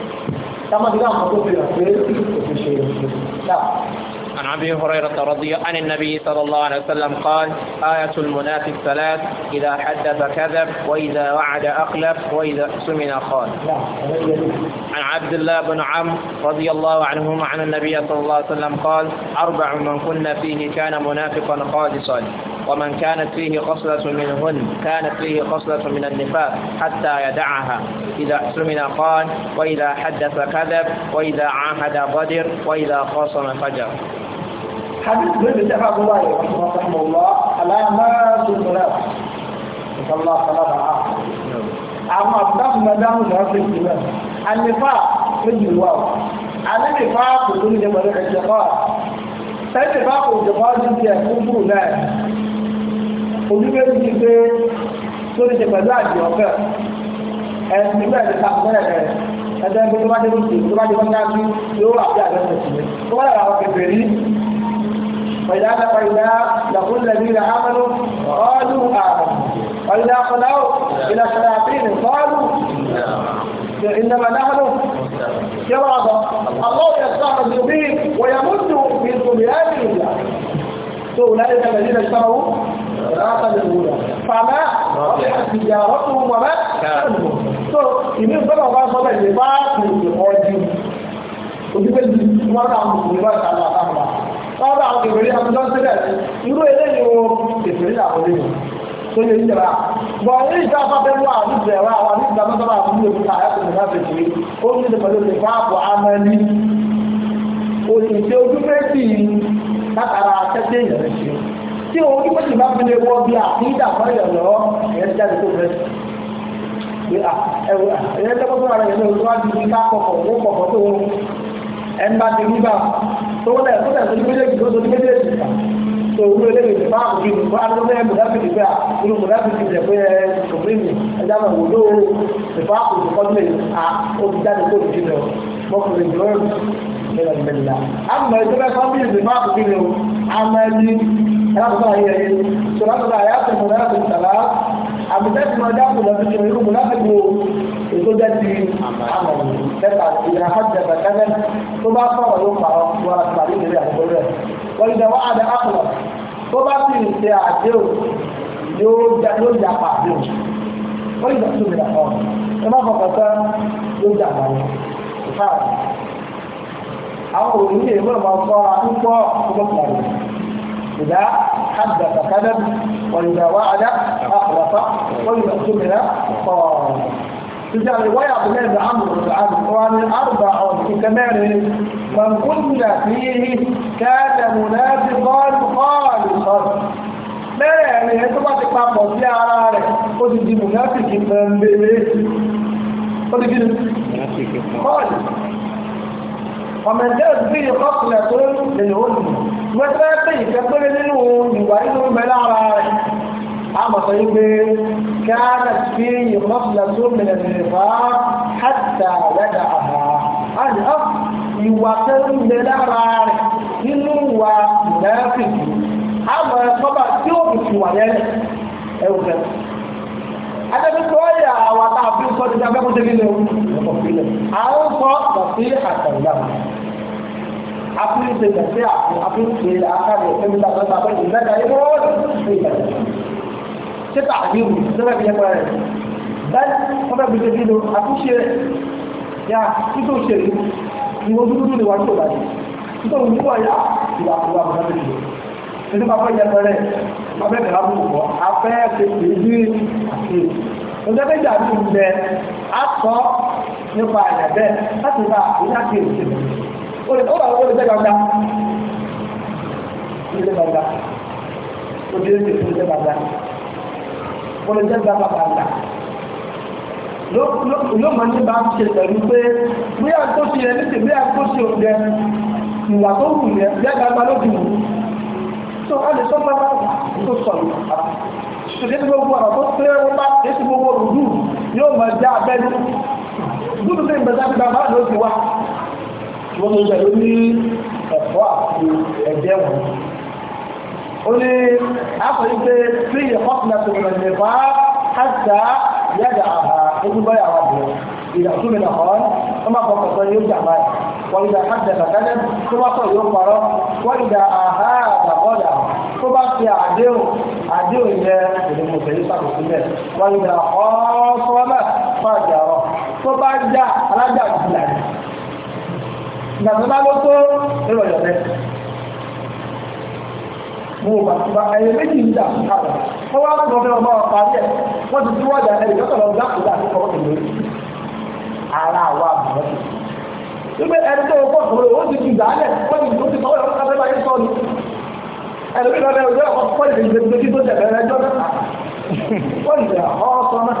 Speaker 1: عن ابي هريره رضي عن النبي صلى الله عليه وسلم قال: آية المنافق ثلاث إذا حدث كذب وإذا وعد أخلف وإذا سمن خان. عن عبد الله بن عمرو رضي الله عنهما عن النبي صلى الله عليه وسلم قال: أربع من كنا فيه كان منافقا خالصا ومن كانت فيه خصلة منهن كانت فيه خصلة من النفاق حتى يدعها إذا سمن قال وإذا حدث كذب وإذا عاهد غدر وإذا خاصم فجر
Speaker 2: حديث بن سعد الله رحمه الله ما المنافق نسأل الله السلامة والعافية أما àbúdáhùn mẹ́dáhùn náà fi jù النفاق àlefa méjì wà ojúbẹ́sì ti pé tó ti ṣe pẹ̀lú àjò ọ̀fẹ́ ẹ̀sìn ìgbà ìdí sàkúnlẹ̀ rẹ̀ ẹ̀sẹ̀ ń gbé tó bá dé lóṣù tó bá dé فإذا فإذا يقول الذين آمنوا قالوا آمنوا وإذا خلوا إلى شياطين قالوا إنما نحن شرابا الله يستعمل به ويمد في طغيانهم فأولئك الذين اشتروا والآخر الأولى فما ربحت تجارتهم وما كانوا so ìní ìgbọ́dọ̀ wá sọ́dọ̀ ìdè bá kù ìkọ́jú ojúbẹ́ ju wọn náà mú ìwé ọ̀tá àgbà àgbà sọ́dọ̀ àwọn kèfèrè àtúntò sílẹ̀ irú eléyìí o kèfèrè àwọn eléyìí tó yẹ ìjọba bọ̀ ní ìjà afáfẹ́ mú àwọn ìjọba wa wà ní ìjọba sọ́dọ̀ àwọn ìlú ìjọba ayẹ́kùn ìjọba fèsì ó ní ìjọba ló ti fáàbọ̀ amẹ́lí òṣìṣẹ́ ojú méjì látara akẹ́kẹ́ ìyẹn ṣe tí òun kí wọ́n sì bá fi lè wọ́ bí àkídà fọ́lẹ̀ lọ́wọ́ ẹ̀yẹ́ ti jáde tó fẹ́ sí. ẹ̀yẹ́ tẹ́kọ́ tó ara ẹ̀yẹ́ tó wá di ká kọ̀kọ̀ ó kọ̀kọ̀ tó wọn ẹ̀ ń bá ti rí bá tó wọ́n tẹ̀ tó tẹ̀ tó ní méjèèjì tó tó ní méjèèjì kà tó wúlò eléyìí tó bá àbùkí mi fún adúlọ́ bẹ́ẹ̀ mùdáfìdì bẹ́ẹ̀ inú mùdáfìdì rẹ̀ pé ẹ kòmínì ẹja máa wò lóo ìfọ́ àkùnrin kọ́lé à ó ti jáde tó ìdí lọ mọ́kùnrin lọ́rùn mẹ́lẹ̀ mẹ́lẹ̀ àmọ́ ẹjọ́ bẹ́ẹ̀ kọ́lé ìfọ́ àkùnrin lọ àmọ́ ẹni alákọ̀ọ́kọ́ ayé rẹ̀ tó látọ̀dọ̀ àyà tó mọ̀ láti sàlá àbùtẹ́sì máa dáàbò lọ́dún tó irú mùnáfíkù ètò jẹ́ ti àmọ̀ lẹ́ta ìlà hajj àbàkẹ́lẹ́ tó bá sọ̀rọ̀ ló pa wọn àti pàdé ìlérí àtúntò rẹ̀ wọ́n ti dẹ̀wọ́ àdá àpùlọ̀ tó bá sì ń ṣe àdéhùn yóò jà pàdéhùn wọ́n ti dẹ̀ tó bẹ̀rẹ̀ ọ̀ ẹ má fọkàn tán yóò jà pàdéhùn àwọn òní èèmọ̀ máa kọ́ akúkọ́ ọgbọ́n pàdé إذا حدث كذب وإذا وعد أخلف وإذا اؤتمن صار تجي رواية عبد الله بن عمرو بن العاص وعن الأربع في وكمان من كنا فيه كان منافقا خالصا bẹ́ẹ̀ يعني tó ما تقطع على sí ara rẹ̀ منافق ti di mùnáfìkì pẹ̀lú منافق خالص ọmọ ẹ̀jẹ̀ bí ọ̀pọ̀lọ̀ tó lè lòun wọ́n ti fẹ́ pé ìfẹ́ péré nínú ìwà inú mẹ́ lára rẹ̀ àmọ̀ sọ yí pé káàdà sí ìmọ̀sílẹ̀ tó mìnà nìfà hàtà yàgà àbá àti ọ́ ìwà tó ń bẹ lára rẹ̀ nínú ìwà ìdáyàfìkì àmọ̀ ẹ̀kọ́ bá tí ó fi wà yẹn ẹ̀wù kẹ́kẹ́. adébísọ ọ̀yà àwọn tá a fi sọ ti dábẹ́ kúndé nílé o à ń sọ kọ̀sí àtàlá àfihàn ìṣèjọsí àfihàn àkàrẹ ìṣèjọsí àtàlá àfihàn ìṣèjọsí àtàlá ṣé tàbí ìwù sẹ́fẹ̀ fi yẹn pẹ̀lẹ́ bẹ́ẹ̀ wọ́n fẹ́ gbèsè nínú àtúnṣe yà títún ṣe ìwọ̀n dúdú ni wà ní ọ̀dà yìí títún ìwọ̀n yà ìwà àkùnrin àbúrò àbúrò àbúrò afẹ́fẹ́ àbúkọ̀ afẹ́fẹ́ ìlú ọjọ́gbẹ́jà tó ń bẹ akọ nípa àyà bẹ́ẹ̀ láti bá ìyá kéèké ó bá wọlé bẹ́ẹ̀ gbàgbà ilé gbàgbà ojú ẹ̀ tẹ̀sí ilé gbàgbà wọlé bẹ́ẹ̀ gbàgbà gbàgbà ló mọ̀ ní bá ń ṣe pẹ̀lú pé bí àgbóṣe ẹ̀ ní tèmi àgbóṣe òun jẹ ìwà tó wù yẹ bí àgbàgbà ló ti wù ú tó a lè sọ pé bá tó sọ lù àpá ṣùgbọ́n gbogbo ọ̀rọ̀ tó pé wọ́n bá èsì gbogbo rúdú yóò mọ̀ jẹ́ abẹ́lú gbúdú pé ìgbẹ̀dá ti bàbá ló ti wá wọ́n ló jẹ́ lórí ẹ̀fọ́ àti ẹ̀jẹ̀ wọn ó ní àpò ìgbé tí ìyẹ̀kọ́ fúnra tó rẹ̀ nípa ojú báyà wà bẹ̀rẹ̀ ìdá tó mi nàkọ́ tó má kọ́ kọ̀tọ́ yóò jà báyà wọ́n ìdá àjẹ̀fẹ̀ kẹ́lẹ́ tó bá sọ yóò parọ́ wọ́n ìdá àhá àgbàbọ́dà tó bá fi àdéhùn àdéhùn yẹ ìdìbò tẹ̀lé sàkóso bẹ́ẹ̀ wọ́n ìdá ọ̀ọ́sọ́mà fàjà rọ̀ tó bá já alájà jùlá ìgbà ló tó ìrọ̀lẹ́ mo bà tí bá ẹ̀yẹ méjì ń dà káàdà wọ́n wá lọ́dọ̀ ọ̀dọ̀ ọmọ ọ̀pá díẹ̀ wọ́n ti tí wọ́n dà ẹ̀yẹ lọ́tọ̀ lọ gbá kúdà sí ọkọ̀ ìlú ara wa bọ̀ wípé ẹni tó kọ́ sọ̀rọ̀ ó ti fi gbàálẹ̀ ó ti tó ti sọ̀rọ̀ ó ti kábẹ́ báyé sọ ni ẹni tó lọ́dọ̀ ọjọ́ ọkọ̀ pọ̀ ìdè ìdè tó tẹ̀ bẹ̀rẹ̀ ẹjọ́ náà wọ́n ìdè ọ̀ọ́sọ náà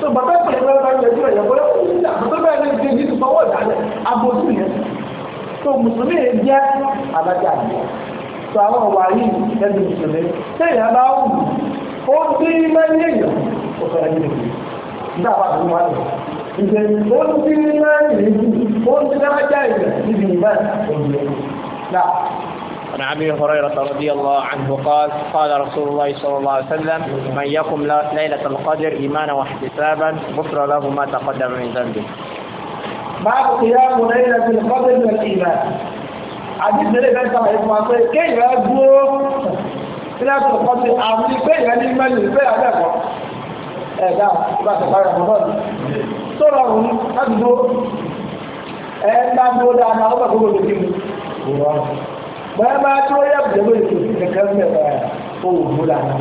Speaker 2: tó bàbá ìpínlẹ̀ lọ́dọ̀ ọjọ́ ìjọ ìyẹ̀wò ó àwọn bá wù ó
Speaker 1: ó عن ابي هريره رضي الله عنه قال قال رسول الله صلى الله عليه وسلم من يقم ليله القدر ايمانا واحتسابا غفر له ما تقدم من ذنبه
Speaker 2: باب قيام ليله القدر والايمان àdìsẹ́lẹ̀ fẹ́ sọ àyẹ̀fọ́ wa pé kéèyàn dúró sílẹ̀kùn ọkọ̀ sí àmì kéèyàn ní mẹ́lì pé àbẹ̀kọ́ ẹ̀dá bá sọ̀kárẹ̀ ọmọ bọ́ọ̀lù tó rọrùn láti dúró ẹ̀ ń bá dúró dáadáa ó bẹ̀ gbogbo lókè mi bẹ́ẹ̀ bá dúró yẹ bẹ̀rẹ̀ ètò kẹ̀kẹ́ mẹ́rẹ̀ owó dúró dáadáa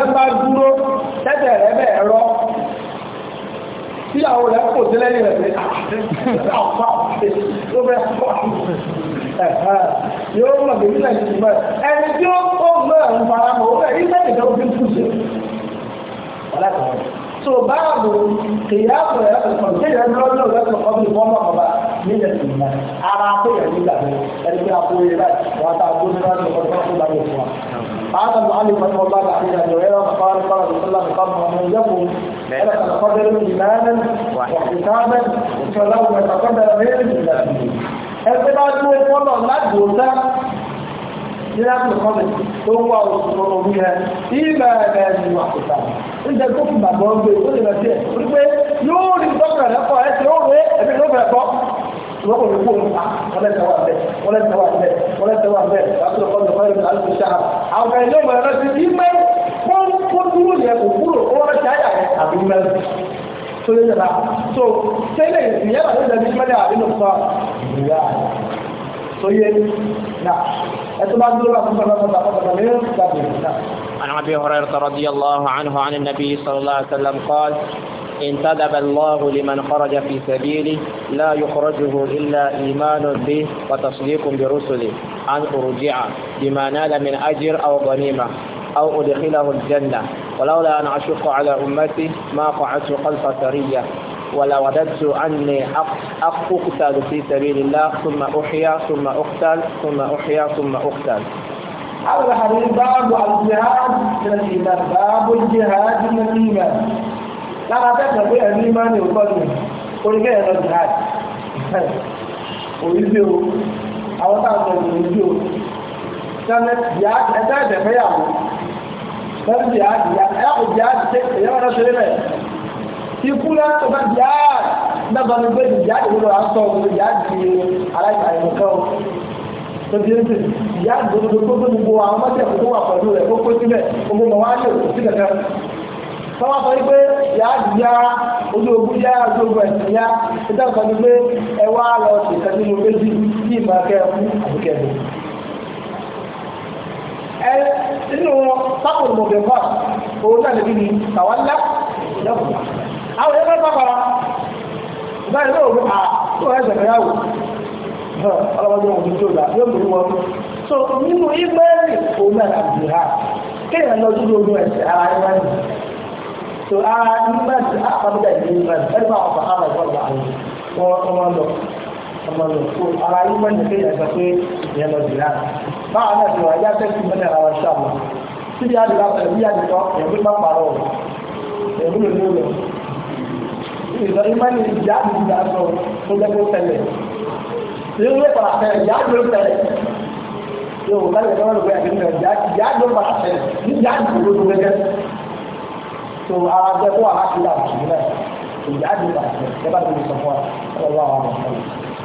Speaker 2: ṣùgbọ́n bá dúró tẹ́tẹ̀ rẹ̀ bẹ́ẹ̀ rọ́ tíyàwó rẹ̀ kò sílẹ̀ yẹn rẹ̀ pé ah, àwọn ẹ̀ka yóò mọ̀ bí nílẹ̀ ti mọ̀ ẹni tí ó mọ̀ ń fara mọ̀ ó bẹ̀ ní sẹ́yìn tó fi kú sí. so báàbò kìyàwó ẹ̀ ẹ̀kọ́ tí ìyẹn lọ́dún lẹ́kọ̀ọ́ kọ́ bí wọ́n mọ̀ ọba nílẹ̀ ti mọ̀ ara akóyè nígbà ẹni tí akóyè láti wọ́n ta akóyè láti ọkọ̀ قال المعلم رحمه الله عن ابي هريره قال قال رسول الله صلى الله عليه وسلم يقوم لك القدر ايمانا واحتسابا فلو ما تقدر من الا ẹgbẹ́ bá tó fọ́lọ̀ ládùú sá níláàbù kọ́mẹ̀ tó wà oṣù mọ́mọ́ bí ẹ ìgbà ẹ̀rẹ̀ ẹ̀rù àkùtà níjẹ́ tó fi bàbá ń gbé ó lè lọ sí ẹ̀ wípé yóò rí dọ́kítà lẹ́kọ̀ọ́ ẹ̀ tí ó rẹ̀ ẹ̀mí ló fẹ́ kọ́ wọ́n kò ní kó ní pa ah, wọ́n lẹ́sẹ̀ wà bẹ́ẹ̀ wọ́n so so àdínú fa ìyá so yẹ na ẹtọ́ bá dúró bá fúnfà lẹ́yìn
Speaker 1: عن ابي هريره رضي الله عنه عن النبي صلى الله عليه وسلم قال انتدب الله لمن خرج في سبيله لا يخرجه إلا إيمان به وتصديق برسله أن أرجع بما نال من أجر أو غنيمة أو أدخله الجنة ولولا أن أشق على أمتي ما قعدت خلف سرية ولوددت أني أقتل في سبيل الله ثم أحيا ثم أقتل ثم أحيا ثم أقتل
Speaker 2: هذا حديث باب الجهاد من الإيمان باب الجهاد من الإيمان لا أتكلم في الإيمان يقول قل كيف الجهاد ويجيو أو تعطوا ويجيو sannan ya ta da faya mu san jihadi ya ya ku jihadi sai ya wani shi ne ti kula to ba jihadi na ba ni ba jihadi ko da so mu jihadi ala ta yi ko to bi ni jihadi do do ko ni bo àwọn ma te ko wa pa do re ko ko ti be ko mo wa sọ́wọ́ sọ wípé yáàdìyá ojú ogun yá ojú ogun ẹ̀sìn yá ìdáhùn sọ wípé ẹ lọ sí ìtẹ́sínú méjì bí ìmọ̀ akẹ́kọ̀ọ́ àbíkẹ́kọ̀ọ́ ẹ nínú mọ̀bẹ̀ fà òun náà níbi ni tàwálá lẹ́kùn àwọn ẹgbẹ́ pàpàrà báyìí lóò gbé àtúwò ẹsẹ̀ fẹ́yàwó ọlọ́wọ́dé wọn tó dà yóò mú wọn so nínú ìmẹ́rin òun náà àbí ha kéèyàn lọ sí ojú ẹsẹ̀ ara ìmẹ́rin so ara ìmẹ́rin àpamọ́dá ìmẹ́rin ẹgbẹ́ àwọn bàbá àwọn ìfọ̀lọ́ àwọn wọn ọmọ rẹ̀ kó ara yín mọ́ ní kéèyàn sọ pé ìyẹn lọ jù náà báwa náà ti wà yá tẹ́sí mọ́ ní ara wa ṣáà mọ́ síbi àdìgbà pẹ̀lú bí àdìgbà ẹ̀mí má parọ́ ẹ̀mí ló ní lọ. ìsọ ìmọ̀ ní ìjà àdìgbà sọ tó jẹ́ kó tẹ̀lé ìyẹn ló padà tẹ̀lé ìjà àdìgbà tẹ̀lé yóò wọ́n lè lọ́wọ́ lọ́wọ́ ẹ̀mí náà ìjà àdìgbà padà tẹ̀lé ìjà àdìgbà ló bá ti sọ fún wa ọlọ́wọ́ àwọn ọmọ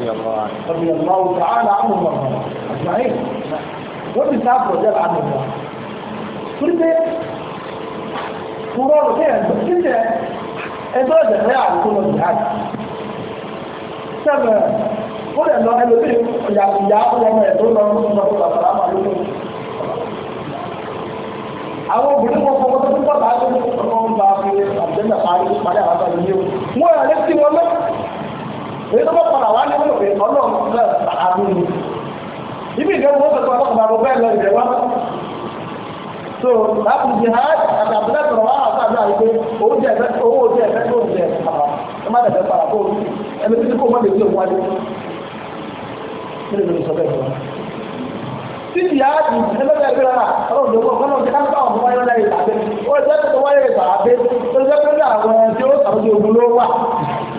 Speaker 2: رضي الله تعالى عنه وارضاه اجمعين وابن سعد رضي الله عنه وارضاه قلت kúrò ọ̀rọ̀ sí ẹ̀sọ́ ẹ̀sọ́ ẹ̀sẹ̀ fẹ́ àwùjọ lọ jihadi sẹ́fẹ̀ ó lè lọ ẹlòmí ìyàkùyà ọmọ ẹ̀sọ́ lọ ní ọjọ́ àtàlámà lóko àwọn obìnrin wọn kọ́kọ́ tó ń bọ̀ bá tó ń bá fi àbẹ̀lẹ̀ parí parí àwọn àbẹ̀lẹ̀ yìí wọ́n yà lé sí wọn mẹ́ èyí tó bá padà wá ní wọ́n pè ọlọ́run náà àbúrò ibi ìgbẹ́ wọn tó tọ́kọ̀ bá gbogbo ẹ̀lọ ìgbẹ́ wọn so láti jihad àti àbúrẹ́ tọ̀rọ̀ wá àwọn àgbà wípé owó jẹ ẹ̀fẹ́ owó jẹ ẹ̀fẹ́ tó jẹ àbá ẹ má dẹ̀ fẹ́ para kó ẹni tí kò mọ́ lè gbé wájú nílùú sọ bẹ́ẹ̀ lọ. tí jihad ẹgbẹ́ ẹgbẹ́ rẹ̀ ọlọ́run jẹ́ wọ́n ọlọ́run jẹ́ káńtà ọ̀hún wáyé láyé ìgbà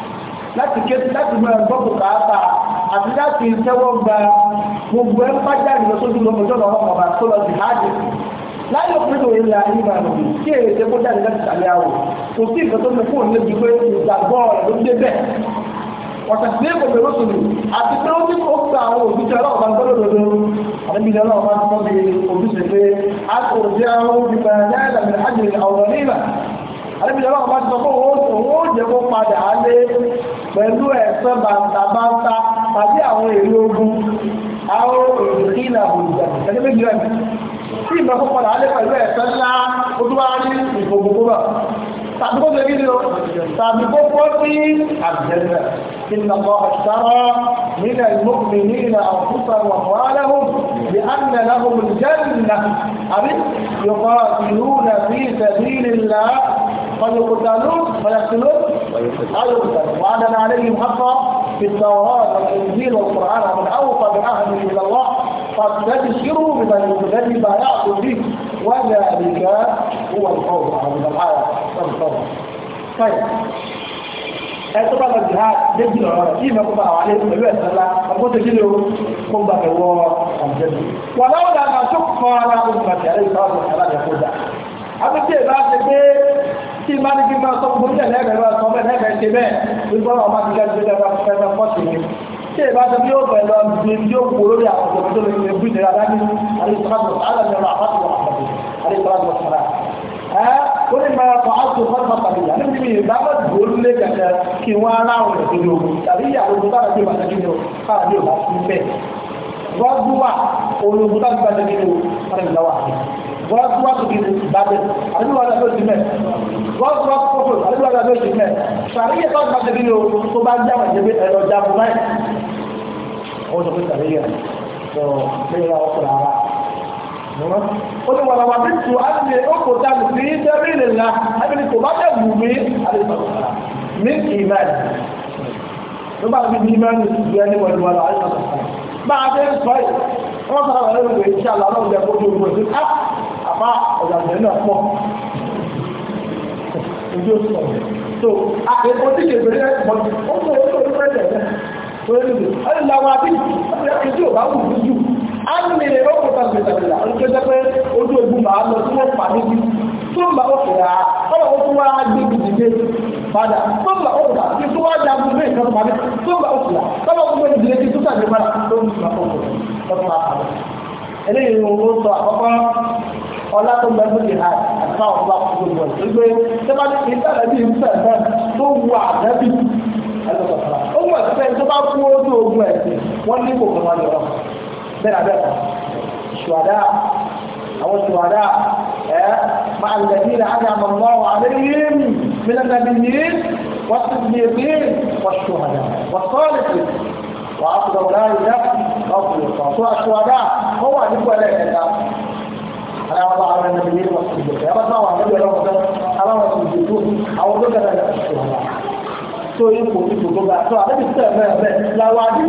Speaker 2: láti ké láti mọ ẹgbọ́ kò kà á ta àti láti tẹ́wọ́ gba gbogbo ẹ̀ ń bá jáde lọ sójú lọ́mọ ìjọba ọmọ ọba tó lọ sí háàdì láyé òpin òye la ìgbà nù kí èyí kó jáde láti sàlẹ̀ àwọ̀ kò sí ìfẹ́ tó ń fún òun lébi pé ìgbàgbọ́ rẹ̀ ló dé bẹ́ẹ̀ ọ̀sẹ̀sẹ̀ èkó pẹ̀lú sòlù àti pé ó ti ó gba àwọn òbíṣẹ́ ọlọ́ọ̀bá ń gbọ́dọ̀ lọ́dọ̀ àbíbi ọlọ́ọ̀bá ń tọ́bi òbíṣẹ́ pé a kò jẹ́ àwọn olùgbà náà lẹ́nu àjèrè àwòrán nílà àbíbi ọlọ́ọ̀bá ti sọ pé ó jẹ́ kó padà á lé pẹ̀lú ẹ̀sẹ̀ bàǹtàbàǹtà tàbí àwọn èrè ogun àwọn òṣìṣẹ́ ìlà òjìjà ẹ̀jẹ̀ méjì rẹ̀ tí ìgbà tó padà lé pẹ̀lú ẹ̀sẹ̀ ńlá ó tún wá ní ìfògbogbo bá tàbí kó ṣe nílò tàbí kó kó sí àbẹ̀rẹ̀ إن وعدنا عليهم حقا في التوراة والإنجيل والقرآن من أوفى بأهله إلى الله فاستبشروا بمن الذي بايعت به وذلك هو الفوز عبد الحياة طيب ولولا ما شك على أمتي عليه الصلاة والسلام يقول ذلك. أما tí bá ní gbígbà sọ fún ilẹ̀ lẹ́gbẹ̀ẹ́ lọ sọ bẹ́ẹ̀ lẹ́gbẹ̀ẹ́ ṣe bẹ́ẹ̀ gbígbọ́n ọmọ ti jẹ́ gbé lẹ́gbẹ̀ẹ́ fẹ́ ni tí ìbá sọ bí ó bẹ̀ lọ bí bí ó kú lórí àwọn òṣèlú tó lè fi bí ìlera dání alẹ́sọ̀rọ̀ alẹ́sọ̀rọ̀ àfàtúwọ̀ alẹ́sọ̀rọ̀ àfàtúwọ̀ ẹ́ ó ní máa fọ àtò fọ́tò pàtàkì àti bí ìbá bá dùn ó lé kẹ̀kẹ́ kí wọ́n ará òun rẹ̀ nínú tàbí ìyàwó tó tàbí ìbá tàbí nínú ní ìbá fún bẹ́ẹ̀ wọ́n gbúwà wọ́ọ̀túwọ́tù kì í bàbẹ̀ àdúgbò àgbẹ̀ òsì mẹ́ wọ́ọ̀túwọ́tù kòkòrò àdúgbò àgbẹ̀ òsì mẹ́ sàríyẹ tó bá tẹ̀lé o tó bá ń dáwọ̀ ìjẹ́bí ẹ̀rọ jáfù báyìí wọ́n sọ pé sàríyẹ tó léyìn àwọn ọkùnrin ara ó ní wàlàwà bí tù á ti ó kò tá mi sí sẹ́rí ìlera àbílí máa fẹ́ sọ yìí wọ́n sọ àwọn ẹlẹ́gbẹ̀ẹ́ iṣẹ́ àlọ́ ọlọ́run jẹ́ kó tó gbogbo sí á ah! àbá ọ̀dàjẹ́ náà pọ̀ ojú òsì ọ̀rẹ́ so àkẹ́kọ̀ọ́ tí kèfé rẹ̀ mọ̀ ó sọ èyí tó ń fẹ́ jẹ̀ náà tó yẹ lóde ọ̀rẹ́ làwọn àbí ọ̀rẹ́ ìjọ bá wù ú jù á ní ilé ọkọ̀ tàbí tàbí là ń kẹ́jẹ́ pé ojú ogun màá lọ sí wọ́n pàdé bí tó ń bá ọ̀fẹ́ eléyìí ni sọ àkọ́kọ́ ọlá tó gbẹ fún jihad àtúnṣe àwọn ọba kúrò bọ̀ ṣùgbọ́n ní kí sábà bí ìlú sẹ̀sẹ̀ tó wù àdẹ́bí ó mọ̀ sí tó bá kú ojú ogun ẹ̀sìn wọ́n ní kò kàn wá lọ bẹ́ẹ̀ abẹ́ kan ṣùwádà àwọn ṣùwádà ẹ̀ máa ń ní àgbà mọ̀mọ́ àdéhìn mílẹ̀nàbí yìí wọ́n ti di èké wọ́n ọkùnrin kan tó aṣọ adá ó wà nípò ẹlẹ́ẹ̀kẹta aláwọ̀ àwọn ẹni ní ìwọ̀n ti gbèsè yàrá tó àwọn àgbẹ̀rẹ̀ ọ̀gbẹ́ aláwọ̀ ti gbèsè tó ní àwọn tó gẹ̀rẹ̀ rẹ̀ ti wà tó yẹ kó ní gbogbo gbà tó àbẹ́bí tẹ̀ bẹ́ẹ̀ bẹ́ẹ̀ láwa ní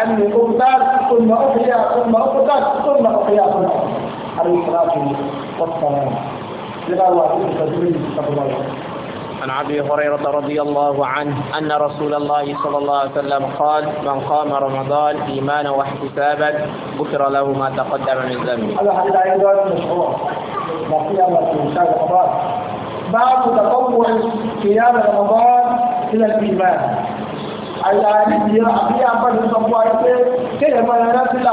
Speaker 2: àmì òkúta òmà òkúta òmà òkúta òmà òkúta
Speaker 1: òmà àlùkò láti wọ́n ti sọ̀rọ̀ yẹn lẹ́gbàá wà ní ìtọ́jú عن ابي هريره رضي الله عنه ان رسول الله صلى الله عليه وسلم قال من قام رمضان ايمانا واحتسابا غفر له ما تقدم من ذنبه. هذا
Speaker 2: حديث ايضا مشهور. باب تطوع قيام رمضان الى الايمان. الحديث يرى أبدا تطوع كيف ينزل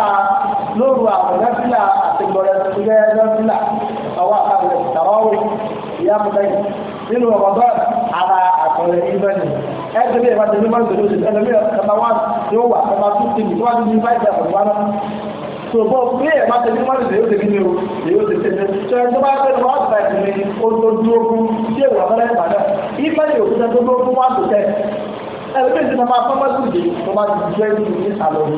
Speaker 2: نور ونفلا تقول نفلا أو التراويح قيام الليل nínú ọ̀gọ́dọ́ ara
Speaker 1: àpẹẹrẹ ìbẹ̀rẹ̀
Speaker 2: ẹgbẹ́ bí ìwádìí ní mọ́tò lóṣù ẹlẹ́mí ọ̀kẹ́ta wà ní ó wà kẹta tó ti nìkan wájú ní báyìí ẹ̀kọ́ wá náà tó bọ́ bí ẹ̀ bá tẹ̀lé mọ́tò lè yóò tẹ̀lé ní o lè yóò tẹ̀lé tẹ̀lé tó ẹni tó bá tẹ̀lé wọ́n ti báyìí ní o tó dúró fún tí èrò àbẹ́rẹ́ ìpàdé ìbẹ̀rẹ̀ òkúta tó dúró fún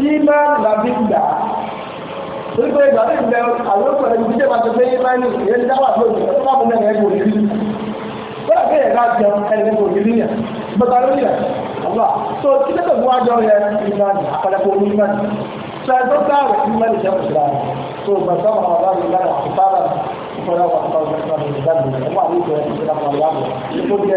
Speaker 2: ìmá làbí gbà torí pé ìgbà tó ń bẹ àwọn ọ̀pọ̀lọpọ̀ ibi tí ìjọba tó fẹ́ yé máa ń yẹ ń dáwà lóòjì tó bá mú mẹ́rin ẹ̀kọ́ òdìrí kọ́lá pé ẹ̀ka jẹun ẹ̀rẹ́ ẹ̀kọ́ òdìrí yẹn bọ́tà lórí yẹn ọ̀gbà tó kí lẹ́tọ̀ fún wájọ yẹ ìmá ní àpàdàpọ̀ onímọ̀ ní sọ ẹ̀tọ́ sáàrẹ̀ ìmọ̀ ní ìjọba ìjọba tó gbàtọ́ àwọn ọ̀gá mi lára àti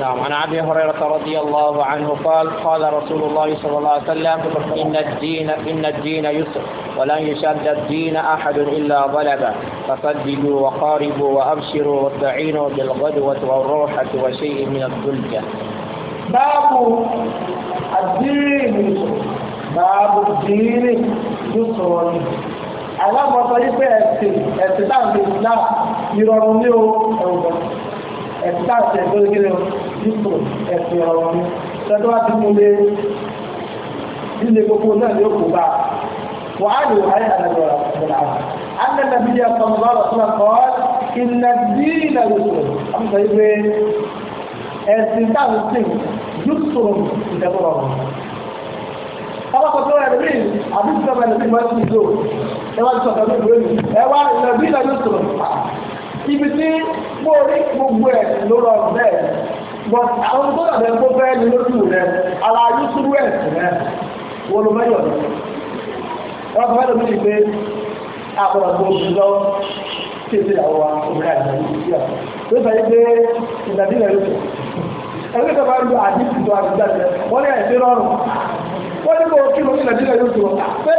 Speaker 1: نعم عن أبي هريرة رضي الله عنه قال قال رسول الله صلى الله عليه وسلم إن الدين إن الدين يسر ولن يشد الدين أحد إلا ظلبه فصدقوا وقاربوا وأبشروا واستعينوا بالغدوة والروحة وشيء من الدلجة
Speaker 2: باب الدين باب الدين يسر alábọ̀sọ̀ ما pé ẹ̀sìn ìrọ̀rùn ní o ẹ̀wọ̀n ẹ̀sìn táàtì ẹ̀tọ́ ìgbélé dípò ẹ̀sìn ọ̀rọ̀ mi tẹ́tọ́ wá ti mú lé nílé gbogbo náà ní òkú bá wà á lò ayé àlejò ọ̀rọ̀ أن النبي صلى الله عليه وسلم قال إن الدين يسر أم طيب ẹ̀sìn táwọn sìn yóò sọ̀rọ̀ ìdẹ́gbọ́rọ̀ wọn. ẹwà ìṣọ̀kan ní ẹwà ìlẹ̀bí ìlẹ̀ yóò sọ̀rọ̀ ibi tí mo rí gbogbo ẹ̀ ló rọ bẹ́ẹ̀ but àwọn tó dàbẹ̀ tó fẹ́ ni lójú rẹ̀ ara yúsùrú ẹ̀sìn rẹ̀ wọ́n ló mẹ́yọ̀ rẹ̀ wọ́n fẹ́ lómi ti pé àpọ̀lọ̀ tó ti lọ sí ìdí àwọn òkè àgbà yìí tó sọ pé ìdàdí rẹ̀ lóṣù ẹgbẹ́ tó bá ń lo àdìsí tó àdìsí àti wọ́n ní àìsí rọrùn wọ́n ní kò kí ló ní ìdàdí rẹ̀ lóṣù pé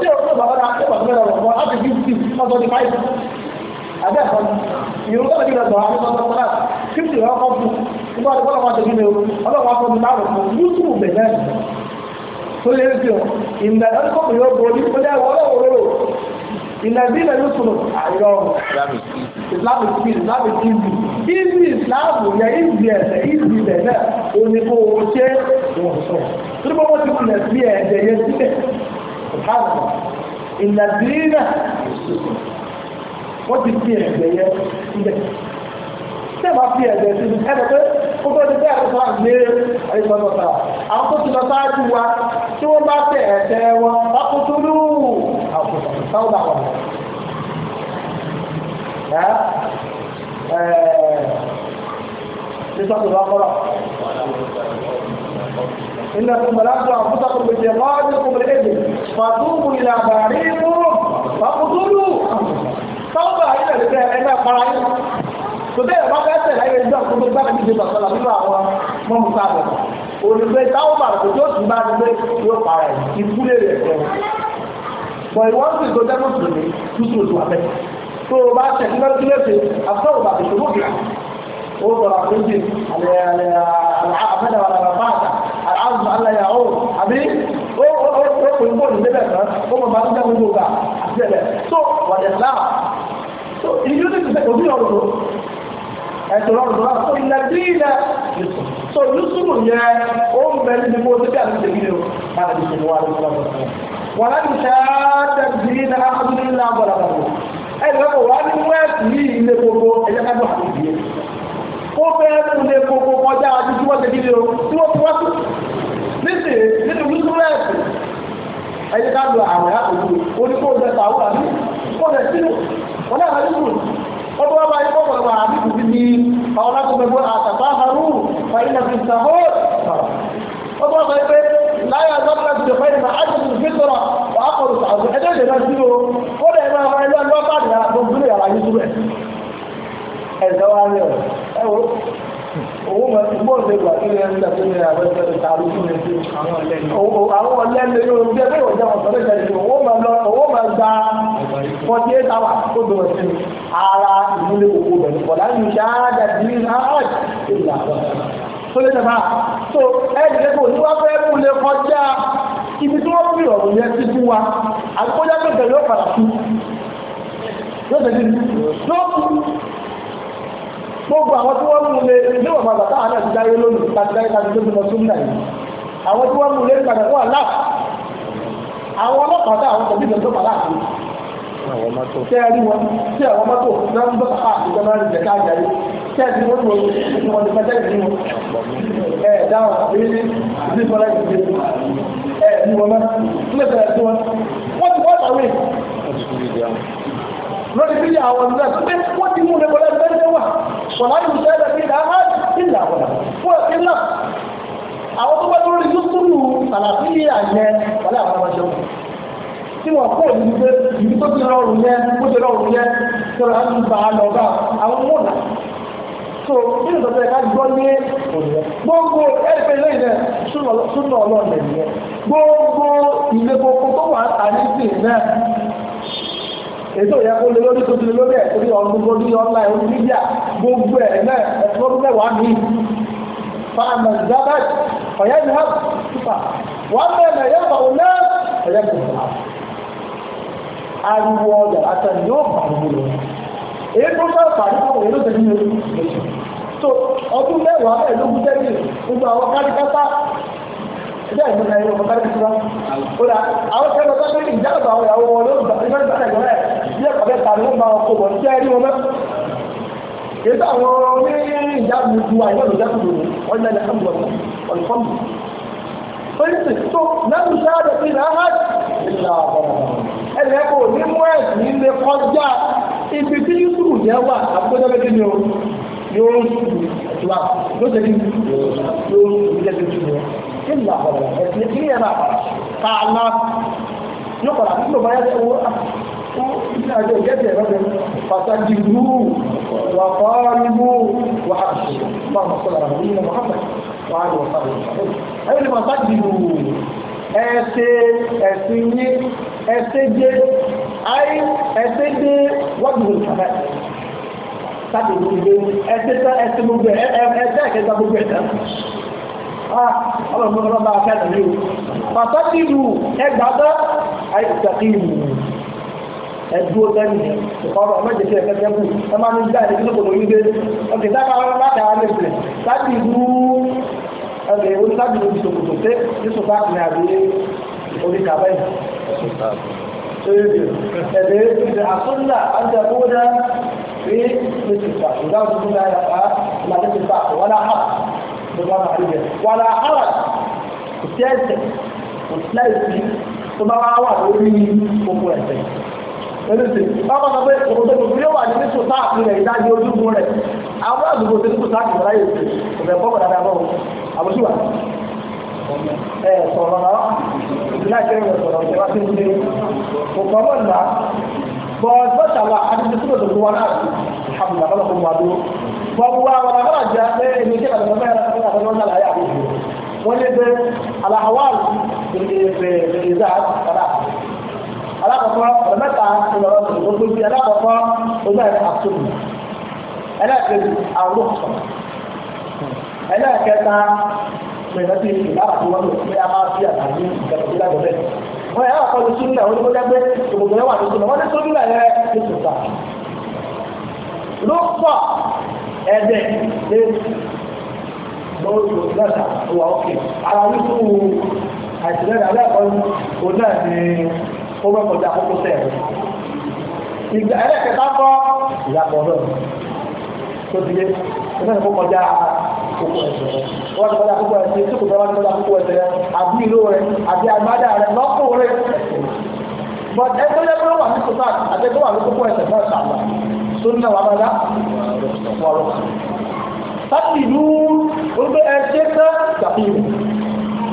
Speaker 2: tí o tó bàbá náà tó bàbá náà àbẹ́ ẹ̀kọ́ ìrún tó lè gbà gbà wọn lọ́wọ́ sọ́kọ́ fífi rẹ̀ ọkọ̀ fún nígbà tó lọ́wọ́ tó gbìyànjú ọlọ́wọ́ akọ mi láàrọ̀ fún yútùbù bẹ̀rẹ̀ tó lè rí fihàn ìgbà tó kọ́ pẹ̀lú ọgbọ̀n ní ó dáwọ́ ọlọ́wọ́ ìlàbí ilẹ̀ yóò tún àyọ̀ islamic peace islamic tv ibi islamu yẹ ibi ẹ̀sẹ̀ ibi ìbẹ̀rẹ̀ òní kò ṣe wọ̀n sọ tó bọ́ wọ́n ti kulẹ̀ sí ẹ̀jẹ̀ yẹn sílẹ̀ ìlàbí ilẹ̀ wọ́n ti fi ẹ̀gbẹ́ yẹ síbẹ̀ tẹ́ bá fi ẹ̀gbẹ́ síbi ẹ̀gbẹ́ pé ó tó ti bẹ́ àkókò àgbé ẹ̀gbọ́nọ̀ta àwọn tó ti lọ sáájú wa tí wọ́n bá tẹ ẹ̀tẹ́ wọn bá kó tó lù àkókò táwọn bá wọn. لسان البقرة إنكم لا أنفسكم بجهادكم الإبل فتوبوا إلى بارئكم فاقتلوا tọ́wọ́ bá yín lẹ́sẹ̀ ẹgbẹ́ para yín tó bẹ́ẹ̀ bá fẹ́ tẹ̀lé ayé ìjọ àkókò gbára ti di bàtàlà nínú àwọn mọ́mú sábẹ̀ olùgbé táwọn bá kò tó tún bá gbé yóò para ẹ̀ ìkúlé rẹ̀ fẹ́ pọ̀ ìwọ́n sì tó dẹ́kun tù mí tútù òtù abẹ́ tó o bá tẹ̀ ní lọ́dún lẹ́sẹ̀ àtọ́wò bàtà ìṣòwò kìlá ó sọ̀rọ̀ àkójì àlẹ́ àlẹ́ àbẹ́dà wà lára báàtà àlàáfù àlẹ́ yàwó àbí ó ó ó pè ń bọ̀ nílẹ̀ kan ó mọ̀ bá ń dẹ́kun gbogbo àti ẹ̀lẹ́ tó wà So if you need to say, Obi Ọ̀rọ̀ ẹ̀sùn ọ̀rọ̀ náà fún ilẹ̀ bí ilẹ̀ so yusufu yẹ ó ń bẹ níbi bó ti bí àti tèmi o máa ti sèlú wa lóṣù lọ́wọ́ wọn láti ṣe àádẹ́bí ilẹ̀ akọ́bí ilẹ̀ agbọ̀dàgbọ̀ ẹ̀yìn lọ́wọ́ wa ní wẹ́ẹ̀sì yìí ilé gbogbo ẹ̀yẹ ká gbọ́ àti ìdíyẹ ó fẹ́ fún ilé gbogbo kọjá àti tí wọ́n tẹ̀lé o tí wọ́n ti wá sí nísìnyí nínú yusufu wẹ́ẹ̀sì ẹ̀yẹ ká gbọ́ àwẹ̀ àkókò oníkó wọ́n náà rí kù ọdún ọba yìí kọ́kọ́ ọba àbíkù ti ní ọ̀rọ̀ kọ́kọ́ àtàkọ́ àrù fàyínà fi sàhó ọdún ọba yìí pé láyé àgbàkọ́ ti dẹ̀fẹ́ ìgbà ájùkù fi sọ̀rọ̀ wà á kọ̀rọ̀ sàhó ẹjọ́ ìdè náà sílò ó dẹ̀ máa máa ilé ọjọ́ bá dì òun mọ̀ sí bóòlù ìgbà tí ilé ẹ̀ńdà tó ní àbẹ́sẹ̀ ìta lójú mi sí. àwọn ọ̀lẹ́lẹ̀ yóò ń jẹ́ pé òun jẹ́ ọ̀sán lẹ́sẹ̀ ìṣòro òun lọ òun máa gba forty eight hours tó bẹ̀rẹ̀ sí ara ìmúlẹ̀ òkú bẹ̀rẹ̀ pọ̀ láti ṣe àádà bí i hard tó lé tẹ̀fà so ẹ̀ẹ́dì lẹ́kọ̀ọ́ ní wá fẹ́ mú lé kọjá ibi tí wọ́n fi ọ̀rọ̀ yẹn ti fún wa àgbójá gbogbo àwọn tí wọ́n mú lé ilé ìwọ̀n bàbá táwọn náà ti dáyé lónìí láti dáyé láti lónìí lọ sí nàìjíríà àwọn tí wọ́n mú lé padà wà láà àwọn ọlọ́pàá táwọn tọ̀bí ìjọ tó bà láàkiri tẹ́ ẹ rí wọn tí àwọn mọ́tò náà ń bọ̀ káà àti ìjọba rẹ̀ jẹ̀ká àjàrí tẹ́ ẹ ti wọ́n wọ ní wọn ti fẹ́ jẹ́ ìdí wọn ẹ dáhùn èyí ní ìdí ìdíje ẹ ní wọn mọ́ nílẹ̀ tẹ̀lẹ̀ sí wọn wọ́n ti wọ́n tàwé lórí bí àwọn ولا يجاد فيه أحد إلا ولا وإلا àwọn tó bá tó rí yúkúrú àlàfíì àyẹ wọlé àwọn ọmọ ṣẹun tí wọn kó ìlú pé ìlú tó ti rọrùn yẹn ó ti rọrùn yẹn tó rà ń bá a lọ bá àwọn mọ̀nà so nínú ìtọ́jú ẹ̀ka gbọ́ ní òyìnbó gbogbo ẹ̀rẹ́fẹ́ lẹ́yìn náà súnà ọlọ́ọ̀lẹ̀ nìyẹn gbogbo ìlé gbogbo tó wà á ní ìsìn náà èso yẹ kó lé lórí tó ti lé lórí ẹ̀ torí ọ̀gbọ́n lórí online orí mídíà gbogbo ẹ̀ náà ẹ̀kọ́ mẹ́wàá mi fáàmì zabat ọ̀yẹ́ mi hàn sípà wọ́n mẹ́rin ẹ̀yẹ́ fà ó náà ẹ̀yẹ́ mi hàn. ariwo ọjà àtàlù yóò bà wọ́n lọ. èyí tó fẹ́ pàdé fún òun ló tẹ̀lé ní orí so ọdún mẹ́wàá bẹ́ẹ̀ ló kú tẹ́lẹ̀ gbogbo àwọn káríkátá ẹgbẹ́ ìgbìmọ̀ ẹ̀yọ́ káríkátá ó dà àwọn kẹ́lẹ́ ìdílé kọ̀ọ̀kẹ́ ta ni wọ́n máa kó bọ̀ níṣẹ́ rí wọn mẹ́. ètò àwọn oní ìyá mi ju àyè olùdẹ́kùnrin wọn lẹ́nu ẹ̀kọ́ ọ̀nìkọ́mù. pólísì tó lẹ́nu sáádọ̀ sí náhàd ìlà ẹ̀rẹ́ kò ní mú ẹ̀sìn ilé kọjá ibi tí yusuf yẹn wà àkójọ́bẹ́kẹ́ ni o yóò sùn ìtura yóò tẹ̀lé yóò sùn ìjẹ́ tuntun yẹn ìlà ọ̀rọ̀ ẹ̀sìn ìyẹn náà kàlá yóò kọ̀ọ̀lá nígbà báyà ní àjọ ìgẹ́gẹ́ lọ́dọ̀ pàtàkì rúù wà fọ́ọ̀rìmú bá wọn sọ̀rọ̀ àwọn Muhammad wà á lọ sáré ẹ̀yìn ni pàtàkì rúù ẹ̀ṣẹ̀ ẹ̀sìn yín ẹ̀ṣẹ̀ dé ayé ẹ̀ṣẹ̀ dé wọ́dùn ìfẹ́ sáàtì gbogbo ẹ̀ṣẹ̀ tán ẹ̀ṣẹ̀ gbogbo ẹ̀ṣẹ̀ ẹ̀kẹta gbogbo ẹ̀ṣẹ̀ ọlọ́mọdé ọlọ́mọdé afẹ́ àtàlẹ́ o pàtàkì rúù ẹgbàá tán ayé ìtàkì ẹdúró sẹ́yìn ọ̀rọ̀ méje sí ẹ̀kẹ́ sẹ́kù ẹ máa ń gbá ẹ̀dẹ́ tó kòtò yín dé ọkẹ́ sábà láti àwọn ẹ̀sìn láti ìlú ọkẹ́ oníṣàbí ló ti sòkòtò sí yíṣù báàkì ní àbí orí kàbẹ́ ẹ̀dẹ́ ìṣẹ̀ àtúndà àti àkóódà rí mẹ́tìfà ìdáhùn tuntun náà yà á láti ti fà wàlá hà lọ́wọ́ àrí jẹ wàlá hà kò sí ẹ̀sẹ̀ kò sí láìsí tó bá wà lórí gbogbo ẹ̀sẹ̀ ẹlẹ́sìn ọkọ̀ sọ pé òkòtò òkú yóò wà ní ní sòtáàkì rẹ̀ ìdájí ojúgun rẹ̀ àwọn àdúgbò tó ní sòtáàkì rẹ̀ láyé òsì ọ̀bẹ̀ fọ́bọ̀ dáadáa bọ́ àbúṣùwà ẹ sọ̀rọ̀ náà ìdílé àti ẹ̀rọ sọ̀rọ̀ ìjọba tí ń gbé òkò ọmọ ìlà bọ́ bọ́tà wa àdúgbò tó lòdù wọn náà alhamdulillah bọ́lá fún wa dúró gbogbo àwọn àwọn àjẹ ẹ ẹni kí àgbàdo mẹ́rin àti àgbàdo náà láyé àbújù wọ́n lé bẹ́ alahawa ìdílé bẹ́ẹ̀ bẹ́ẹ̀ alákọ̀ọ́kọ́ ọ̀rọ̀ mẹ́ta ìlọ̀rọ̀ tó tó bí alákọ̀ọ́kọ́ ojú ẹ̀ àtúnù ẹlẹ́ẹ̀kejì àwòrán ẹlẹ́ẹ̀kẹta pẹ̀lẹ́tì ìlànà tó wọ́n lò pé a máa fi àtàlù ìgbàlódé lágbẹ̀ẹ́ wọ́n yà wà kọ́ni súnmọ́ àwọn onígbọ́dágbé òkòtò yẹn wà ní súnmọ́ wọ́n ní súnmọ́ yẹn ní sùpà ló pọ̀ ẹ̀dẹ̀ ní lóòrò lọ́sà tó wà ókè ara wípé àìsílẹ̀ àbẹ́ẹ̀kọ́ ó bẹ́ kọjá àkókò sẹ́ẹ̀ ìgbà ẹlẹ́kẹta kọ́ ìyàpọ̀ náà tó ti lé ẹgbẹ́ ìfọ́ kọjá àkókò ẹ̀sẹ̀ rẹ̀ wọ́n ti kọjá àkókò ẹ̀sẹ̀ tó kò tẹ́wọ́n ti kọjá àkókò ẹ̀sẹ̀ àbí ìlú rẹ̀ àbí àgbádà rẹ̀ lọ́kùnrin but ẹgbẹ́ lẹ́gbẹ́ wà ní kòtà àtẹ́gbẹ́ wà ní kókó ẹ̀sẹ̀ náà sàmà tó ní àwọn abẹ́lá wọ́ọ̀rọ̀ sábì ìlú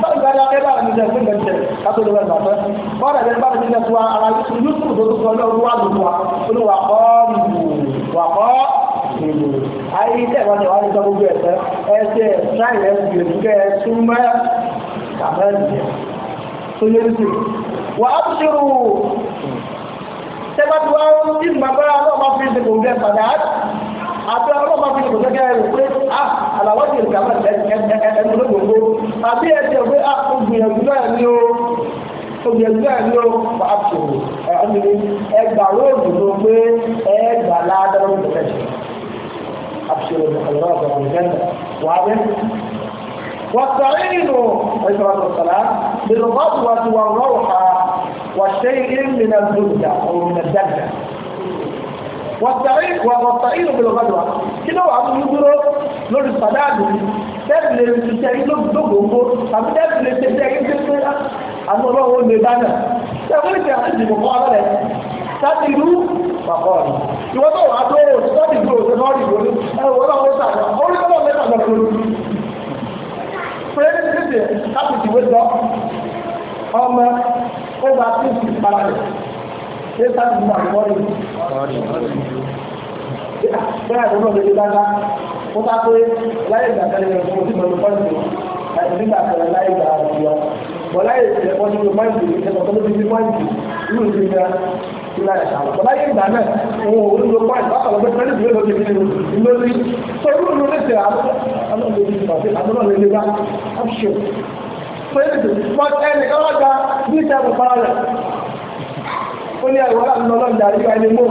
Speaker 2: bá gba ẹgbẹ́ bá mi jẹ fún ìgbẹ́sẹ̀ kátó ló wẹ̀ bàtẹ́ kọ́ra ẹgbẹ́ bá mi jẹ fún ara yusuf tó tó sọ lọ́wọ́ àdùnkù wa olùwà kọ́ wà kọ́ ìlú ayé tẹ̀ wọ́n ti wá ní sọ gbogbo ẹ̀sẹ̀ ẹsẹ̀ ṣáì ẹ̀ gbèdúkẹ́ súnmọ́ kàmẹ́ẹ̀lì tó yẹ lùsì wà á tún ṣerú tẹ́gbàtúwá ní ìgbàgbọ́ àbí ọlọ́run máa fi ṣòkò gẹ́gẹ́ rẹ̀ pé a àlàwọ́ ti ìgbà máa ẹnu ló gbogbo àbí ẹ̀jẹ̀ pé a ògbìyànjú náà ni ó ògbìyànjú náà ni ó pa واستعينوا عليه الصلاه والسلام بالغدوه والروحه وشيء من الزبده او من الدبه wọ̀tàrí wọ̀tàrí ìrògbòlògbàdùwà kí ló wà fún dúró lórí sàdáàdù tẹ́ẹ̀bì lè ti tẹ́ ìlú gbogbo tàbí tẹ́ẹ̀bì lè ti tẹ́ ìlú pé ah, àwọn ọlọ́wọ́ lè bá náà tẹ́ẹ̀bì lè ti àti ìdìbò fún abẹ́rẹ́ sáti ìlú pàpọ̀ rẹ̀ ìwọ́n tó wà tó sọ́ọ̀dì gbòòrò tó náà rí gbòòrò ẹ̀wọ̀n ọlọ́wọ́ sàdà orí ọlọ́wọ́ mẹ́ta lọ gbòòrò pẹ̀lú títì láti ìwé sọ ọmọ ó bá tí ì ṣé sáàtì mú àkọ́rí bẹ́ẹ̀ tó lọ́dọ̀ yìí dáadáa ó bá pé láyé ìgbà tẹ́lẹ̀ rẹ̀ fún òsì mọ̀lú pọ́ǹtì àti nígbà tẹ́lẹ̀ láyé ìgbà àtijọ́ bọ̀ láyé ìṣẹ̀lẹ̀ pọ́ǹtì ló pọ́ǹtì ẹ̀sọ̀ tó ló fi fi pọ́ǹtì inú ìlú ìgbà tí láyé ìṣàlọ̀ bọ̀ láyé ìgbà náà òun ò ní lo pọ́ǹtì bá kọ̀lọ́ pé pẹ́lú ìlú lókè nínú lórí tó irú ìlú lè tẹ̀ àwọn ọmọ ìlú ìgbà ó ní ẹ̀rọ láti lọ lọ́dà nípa ẹni mọ́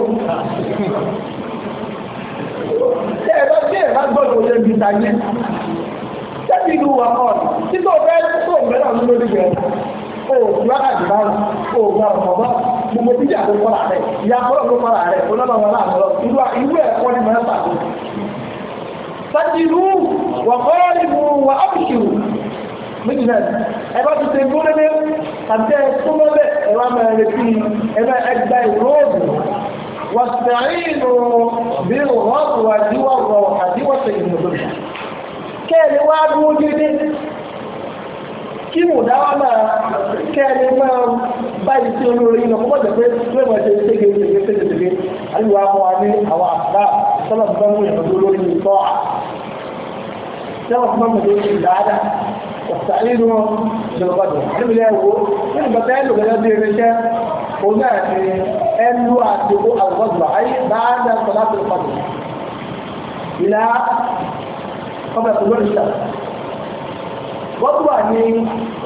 Speaker 2: ṣé ẹ̀rọ tí ẹ̀rọ gbọ́dọ̀ ṣe bí tayé ṣẹ́bi ìlú wa kọ́ tí tó fẹ́ tó mẹ́rà ń lórí rẹ̀ o ìwádà ìbá o gba ọ̀pọ̀ bá gbogbo tíjà tó kọ́ra rẹ̀ ìyá kọ́rọ̀ tó kọ́ra rẹ̀ olóòwò aláàbọ̀ irú ẹ̀kọ́ ni mẹ́ta tó sájìrú wà àti ẹ̀sùnmọ́ bẹ̀ ẹ̀rọ máa rẹ̀ sí ẹ̀rọ ẹgbẹ́ ìrọ́ọ̀bù wàsàáìnù bí rọ́ọ̀bù àdíwọ̀rọ̀ àdíwọ̀sẹ̀ ìmọ̀lódà kẹ́ẹ̀ni wá dúró dídí kí mò dáwà máa kẹ́ẹ̀ni máa bá ìṣe olórí ṣe ṣége ọ̀sàlẹ́nu ìjọ̀gbọ̀dọ̀ níbilẹ̀ wo nínú bàtà ẹ̀lò gẹ́gẹ́ bí irinṣẹ́ òun náà ti ẹlú àti owó àgbọ̀dọ̀ ayé bá ń dá sọ̀rọ̀ àti ìpàdé ìlà ọbẹ̀ tó lórí ìṣà wọ́n tún wà ní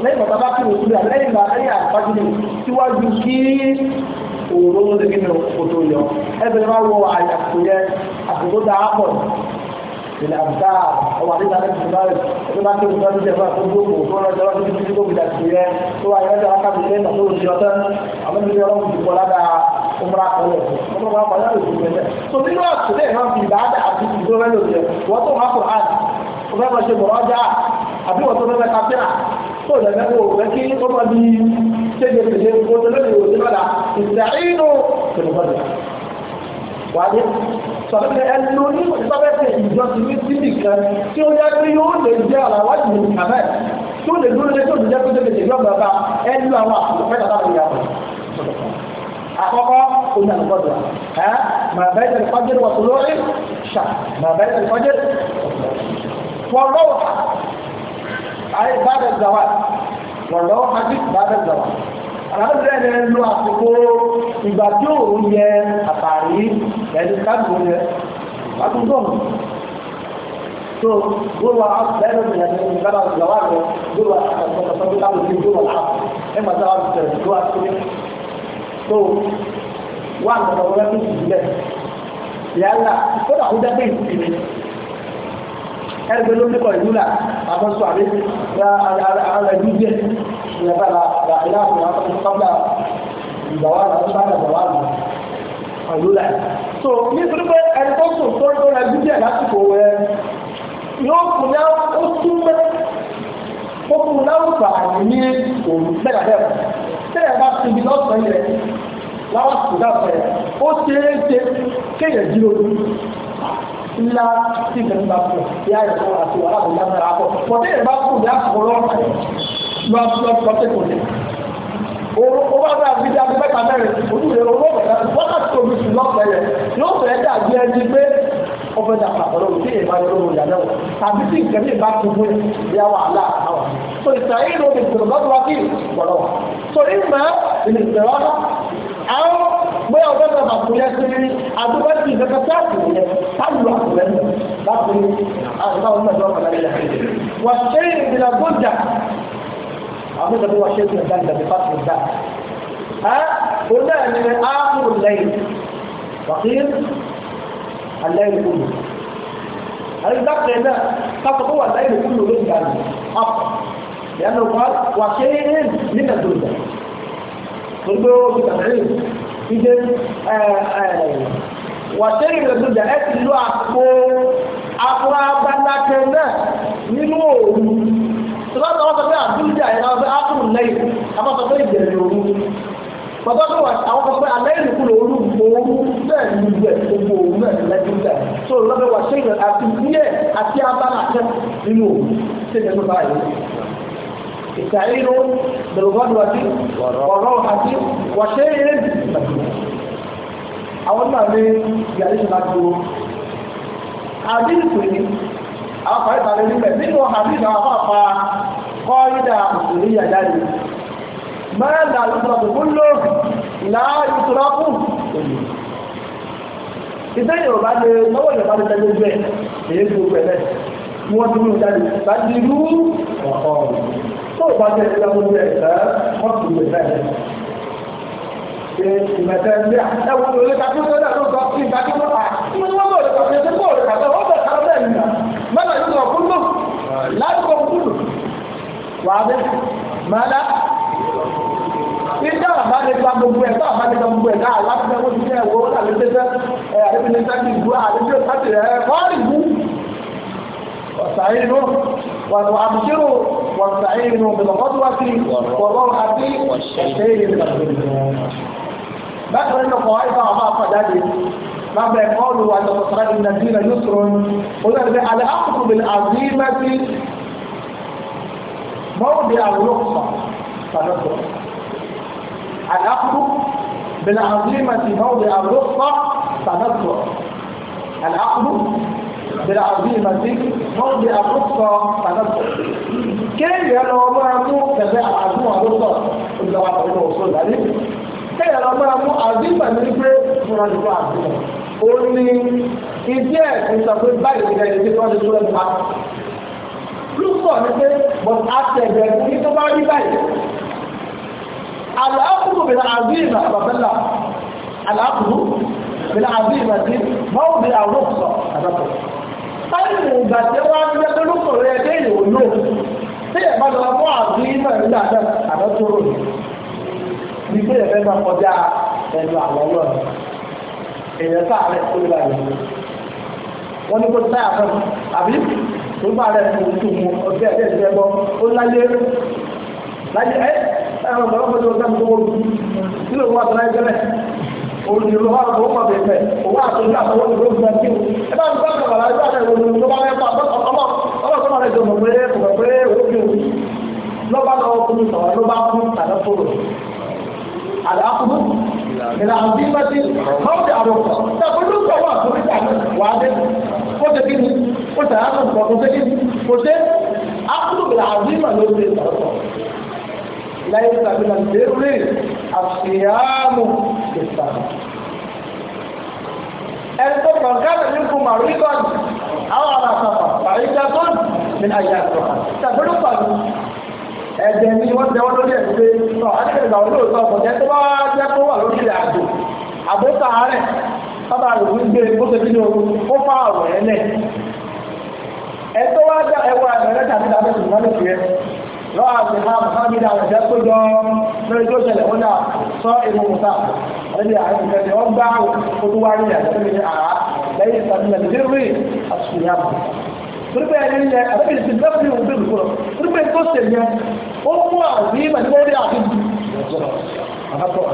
Speaker 2: lẹ́yìn bàtà bá kìrò síbi àlẹ́yìn bá lẹ́yìn àpájúlé síwájú kí òòrùn lè kí ni òtò yọ ẹgbẹ̀rún wá wọ àyàkùn yẹn àtòkó dáa pọ̀ ìlà àbúdá ọwọ́ àdéhà lẹ́yìn tó bá rẹ̀ tó bá tó bá tó jẹ́ fún àtúntò kò tó rẹ̀ jọba tó ti kó bìlà sí rẹ̀ tó wà ìrẹ́jọ akábi lẹ́yìn tó ń ṣe ọtẹ́ àwọn ìdílé ọlọ́run ti kọ́ ládà ọmọra kọlẹ̀ ọmọ bá pàdé àlòkù rẹ̀ so nínú àtúntò ẹ̀ máa fi ìdáadà àti ìdúró rẹ̀ lòdì rẹ̀ wọ́n tó máa kọ̀ á ọmọ ẹ̀ máa ṣe bọ̀rọ̀ ọjà àbí wọ́n tó mẹ́fẹ́ kápẹ́rà tó lẹ́fẹ́ kó rẹ̀ kí ọmọ bíi ṣégeṣèṣe gbogbo lónìí òṣèlú ọ̀la ìsìlẹ̀ wáyé sọ̀rọ̀ ẹnu ní ìsọ́fẹ́sẹ̀ ìjọsìn ní títì kan tí ó yẹ kí yóò lè jẹ́ ara wájú ní kàmẹ́ tí ó lè dúró lé tó lè jẹ́ pété pété yọ̀gbọ̀n bá ẹnu àwọn àkùkọ mẹ́ta láti yàtọ̀. àkọ́kọ́ oní àlùkọ́dọ̀ ẹ́ màá bẹ́ẹ̀ alábẹ́rẹ́ rẹ̀ lo àkókò ìgbà tí òun yẹ àtàrí ẹni káàdì òun yẹ látúntò mi tó gbówà bẹ́ẹ̀rẹ̀ mi ẹni ní kára ìgbàwà rẹ̀ gbówà àtàkùn káàdì òun gbówà láàpù ẹ máa dáwà ti tẹ̀lé gbówà ẹgbẹ́ ló ní kọ̀ọ̀dù là àkọ́sọ àbí ara ẹbí díẹ̀ ìyẹn bá la ìlà àpò àkọ́sọ kọ́bílà ìgbàwá àti sáà ìgbàwá àmọ́ ọ̀lú là. so nítorí pé ẹni tó sùn tó tó rẹ bí díẹ̀ lásìkò wẹ yóò kún náà ó súnmọ́ ó kún náà ó fà ní òun bẹ́ẹ̀ bẹ́ẹ̀ bẹ́ẹ̀ bá ti di lọ́sàn-án yẹn láwọn sùn náà fẹ́ ó ṣeé ṣe kéèyàn jí lójú ńlá tí ìfẹ́ nípa pọ̀ yá ẹ̀ fún àti wàhálà tó yára rà pọ̀ pọ̀tẹ́ ìrẹ́ bá kù ní àkókò lọ́wọ́ kan lọ lọ pọ̀tẹ́ kò lè. o bá bá bí dábí mẹ́ta mẹ́rin ojú rẹ̀ owó bẹ̀rẹ̀ wákàtí omi sùn lọ́fẹ̀ẹ́ rẹ̀ yóò fẹ́ dàbí ẹni pé ọbẹ̀ dà pàtàkì lọ́wọ́ tí èèmà yóò lò yàrá wọ̀ tàbí tí nǹkan ní ìbá tó gbé yà wàhálà àwọn. so ìsàlẹ̀ yìí ló ti gbèrò lọ́dún wá kí ìgbọ̀lọ́wọ́ so ìmọ̀ ìlẹ̀sẹ̀ wọn àwọn bóyá ọgbẹ́ bàbá kò yẹ sí ní àdúgbò tí ìgbẹ́ka tí a kò yẹ sálù àkùrẹ́ nù láti àgbà ọmọ ìjọba kan láyé láti wà ṣe ìdílà gbọ́dà àwọn ìjọba wà ṣe ìdílà gbọ́dà bí fásitì gbà á òun náà ní áàmù lẹ́yìn wàkíyìn alẹ́yìn kúlù àrídàkẹ́ náà káfọ́ wà lẹ́yìn kúlù ló ń gbà ní àpò lẹ́nu wà ṣe ìdílà gbọ́dà gbogbo ìgbà ìdè wàtẹ́rì lẹ́dọ̀dà ẹ ti lo àpò àpòrá abalakẹ náà nínú òru tọ́lọ́tọ́ wọ́n sọ pé àdúgbò àyẹ̀wò pé ápùrù lẹ́yìn àwọn sọ pé ìbẹ̀rẹ̀ òru bàbá tó wà àwọn sọ pé alẹ́ ìlú kúrò òru òru bẹ́ẹ̀ ni bẹ́ẹ̀ gbogbo òru náà ti lẹ́dọ̀ dà tó lọ́dọ̀ wàtẹ́rì àti díẹ̀ àti abalakẹ nínú òru ṣé tó báyìí. سعيد بالغدوة والروحة وشيء àwọn náà ní ìyàlẹ́ ìṣẹ̀lá dúró àdínkù ni àwọn kan ìbàlẹ̀ níbẹ̀ nínú àdínkù àwọn àpá kọ́ídà òṣèlú yàjá yìí mẹ́rẹ̀lá ìtọ́lọ́pù kúlò láàá ìtọ́lọ́pù ìtẹ́yìn ò bá lè lọ́wọ́ ìyàbá lè tẹ́lẹ̀ bẹ́ẹ̀ èyí gbogbo ẹ̀ ni wọ́n ti mú ìjáde láti irú ọ̀pọ̀ ọ̀rọ̀ tó o bá jẹ́ ìjọba tó jẹ́ ìta wọ́n ti gbé bẹ́ẹ̀ ṣe ìmẹ̀tẹ́ ilé ẹ̀wọ̀n lórí kàtó tó dà tó sọ sí ìgbà tó wà nínú wọn bọ̀ lè kàtó tó bọ̀ lè kàtó wọ́n bẹ̀ kàtó bẹ́ẹ̀ nìyà mẹ́ta yóò sọ fún lò láìpọ̀ fún lò wà á bẹ́ mẹ́ta ìjọba bá lè gba gbogbo ẹ̀ bá lè gba gbogbo ẹ̀ náà láti fẹ́ wọ́n ti fẹ́ wọ́n àlejò ẹ̀ àlejò ẹ̀ sáà ti gbọ́ àlejò ẹ̀ sáà ti rẹ̀ kọ́ọ̀rì gbọ́ واستعينوا وأبشروا واستعينوا بالغدوة والروحة والشيء المسلمون مثلا أن قواعد أعضاء فدادي مهما يقولوا أن تصرف إن الدين يسر قلنا الأخذ بالعزيمة موضع الرخصة فنصر الأخذ بالعزيمة موضع الرخصة فنصر الأخذ بالعظيمة هم بأقصى تنفس كيف لو معكم كذا عظيم أقصى إلا وعد إلى وصول ذلك كيف لو معكم عظيمة من البيت فرنسا عظيمة ó ní ìdí ẹ̀ ń sọ pé báyìí ìgbà ìdí tó ń lè sọ́lẹ̀ pa. lùsọ̀ ni pé but àtẹ̀gbẹ̀ ní tó bá rí báyìí. àlàáfùrù bẹ̀rẹ̀ àbíìmà bàbẹ́là àlàáfùrù bẹ̀rẹ̀ àbíìmà sí mọ́wù bẹ̀rẹ̀ àwòrán sọ táìmù ìgbà tí wọ́n á ti jẹ́ pé lókòrò ẹgbẹ́ ìlú lò tí ẹ̀ bá lọ fún àbí náà nígbà náà àbẹ́ tó rò ní pé ẹ̀fẹ́ máa kọjá ẹnu àwọn ọlọ́run èèyàn sáàrẹ̀ tó lè báyìí wọ́n ní kó táyà fún àbí tó bá rẹ̀ fún tó mú ọjọ́ ẹ̀dẹ́ ìṣẹ́ bọ́ ó láyé láyé ẹ̀ ẹ̀rọ ọ̀gbọ̀n ọ̀gbọ̀n tó ń olùdílù wà lọ́wọ́ pàdé fẹ́ òwò àtúndì àtọwọ́ ní ló gbẹ kí o ẹ bá gbọ́ kàwàlà ẹgbẹ́ àtẹ ìròyìn tó bá mẹ́fà ọmọ ọmọ rẹ̀ tó mọ̀ pé mọ̀ pé ó kí o ló bá lọ́wọ́ kú sọ̀rọ̀ ló bá kú tàbí fòrò àlàkùnú ìlà àti ìfẹ́sí mọ́tì àròkọ̀ tàbí ló sọ wà tó níta wà dé ó ṣe kí ni ó ṣe àtúntò kò ṣe kí ni kò ṣe àkúrò ìlà àti ìfẹ́sí ليس من البر الصيام في السنة أنت من كان منكم مريضا أو على سفر فعدة من أيام أخرى تقول فضل ẹ̀jẹ̀ ni wọ́n jẹ́ wọ́n lórí ẹ̀ pé sọ àdìgbẹ̀gbà olóòótọ́ ọ̀jẹ́ tó bá jẹ́ kó wà lórí ilẹ̀ àjò àbótà rẹ̀ sábà rẹ̀ ń gbé ó ṣe nínú ó fà àwọ̀ ẹ̀ lẹ̀ ẹ̀ tó wá ẹwà ẹ̀rẹ́ tàbí tàbí tàbí tàbí lọ́wọ́ àti ha muhammed àwọ̀jẹ́ tó jọ lórí tó ṣẹlẹ̀ ó dà sọ ìlú musa lórí àárín ìkẹsẹ̀ ó gbá ó tó wá rí ìyàtọ̀ lórí àá lẹ́yìn ìsàmìlẹ̀ lórí àṣùkù yà bù. Turbe ẹni yẹ àbẹ̀bẹ̀ ti àwọn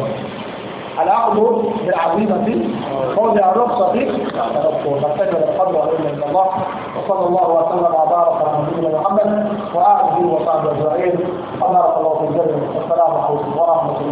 Speaker 2: ìmọ̀ العقل بالعظيمة قول الرخصة تدخل فاستجب القدر وإلا إلا الله وصلى الله وسلم وبارك على نبينا محمد وآله وصحبه أجمعين أمرك الله في الجنة والسلام عليكم ورحمة الله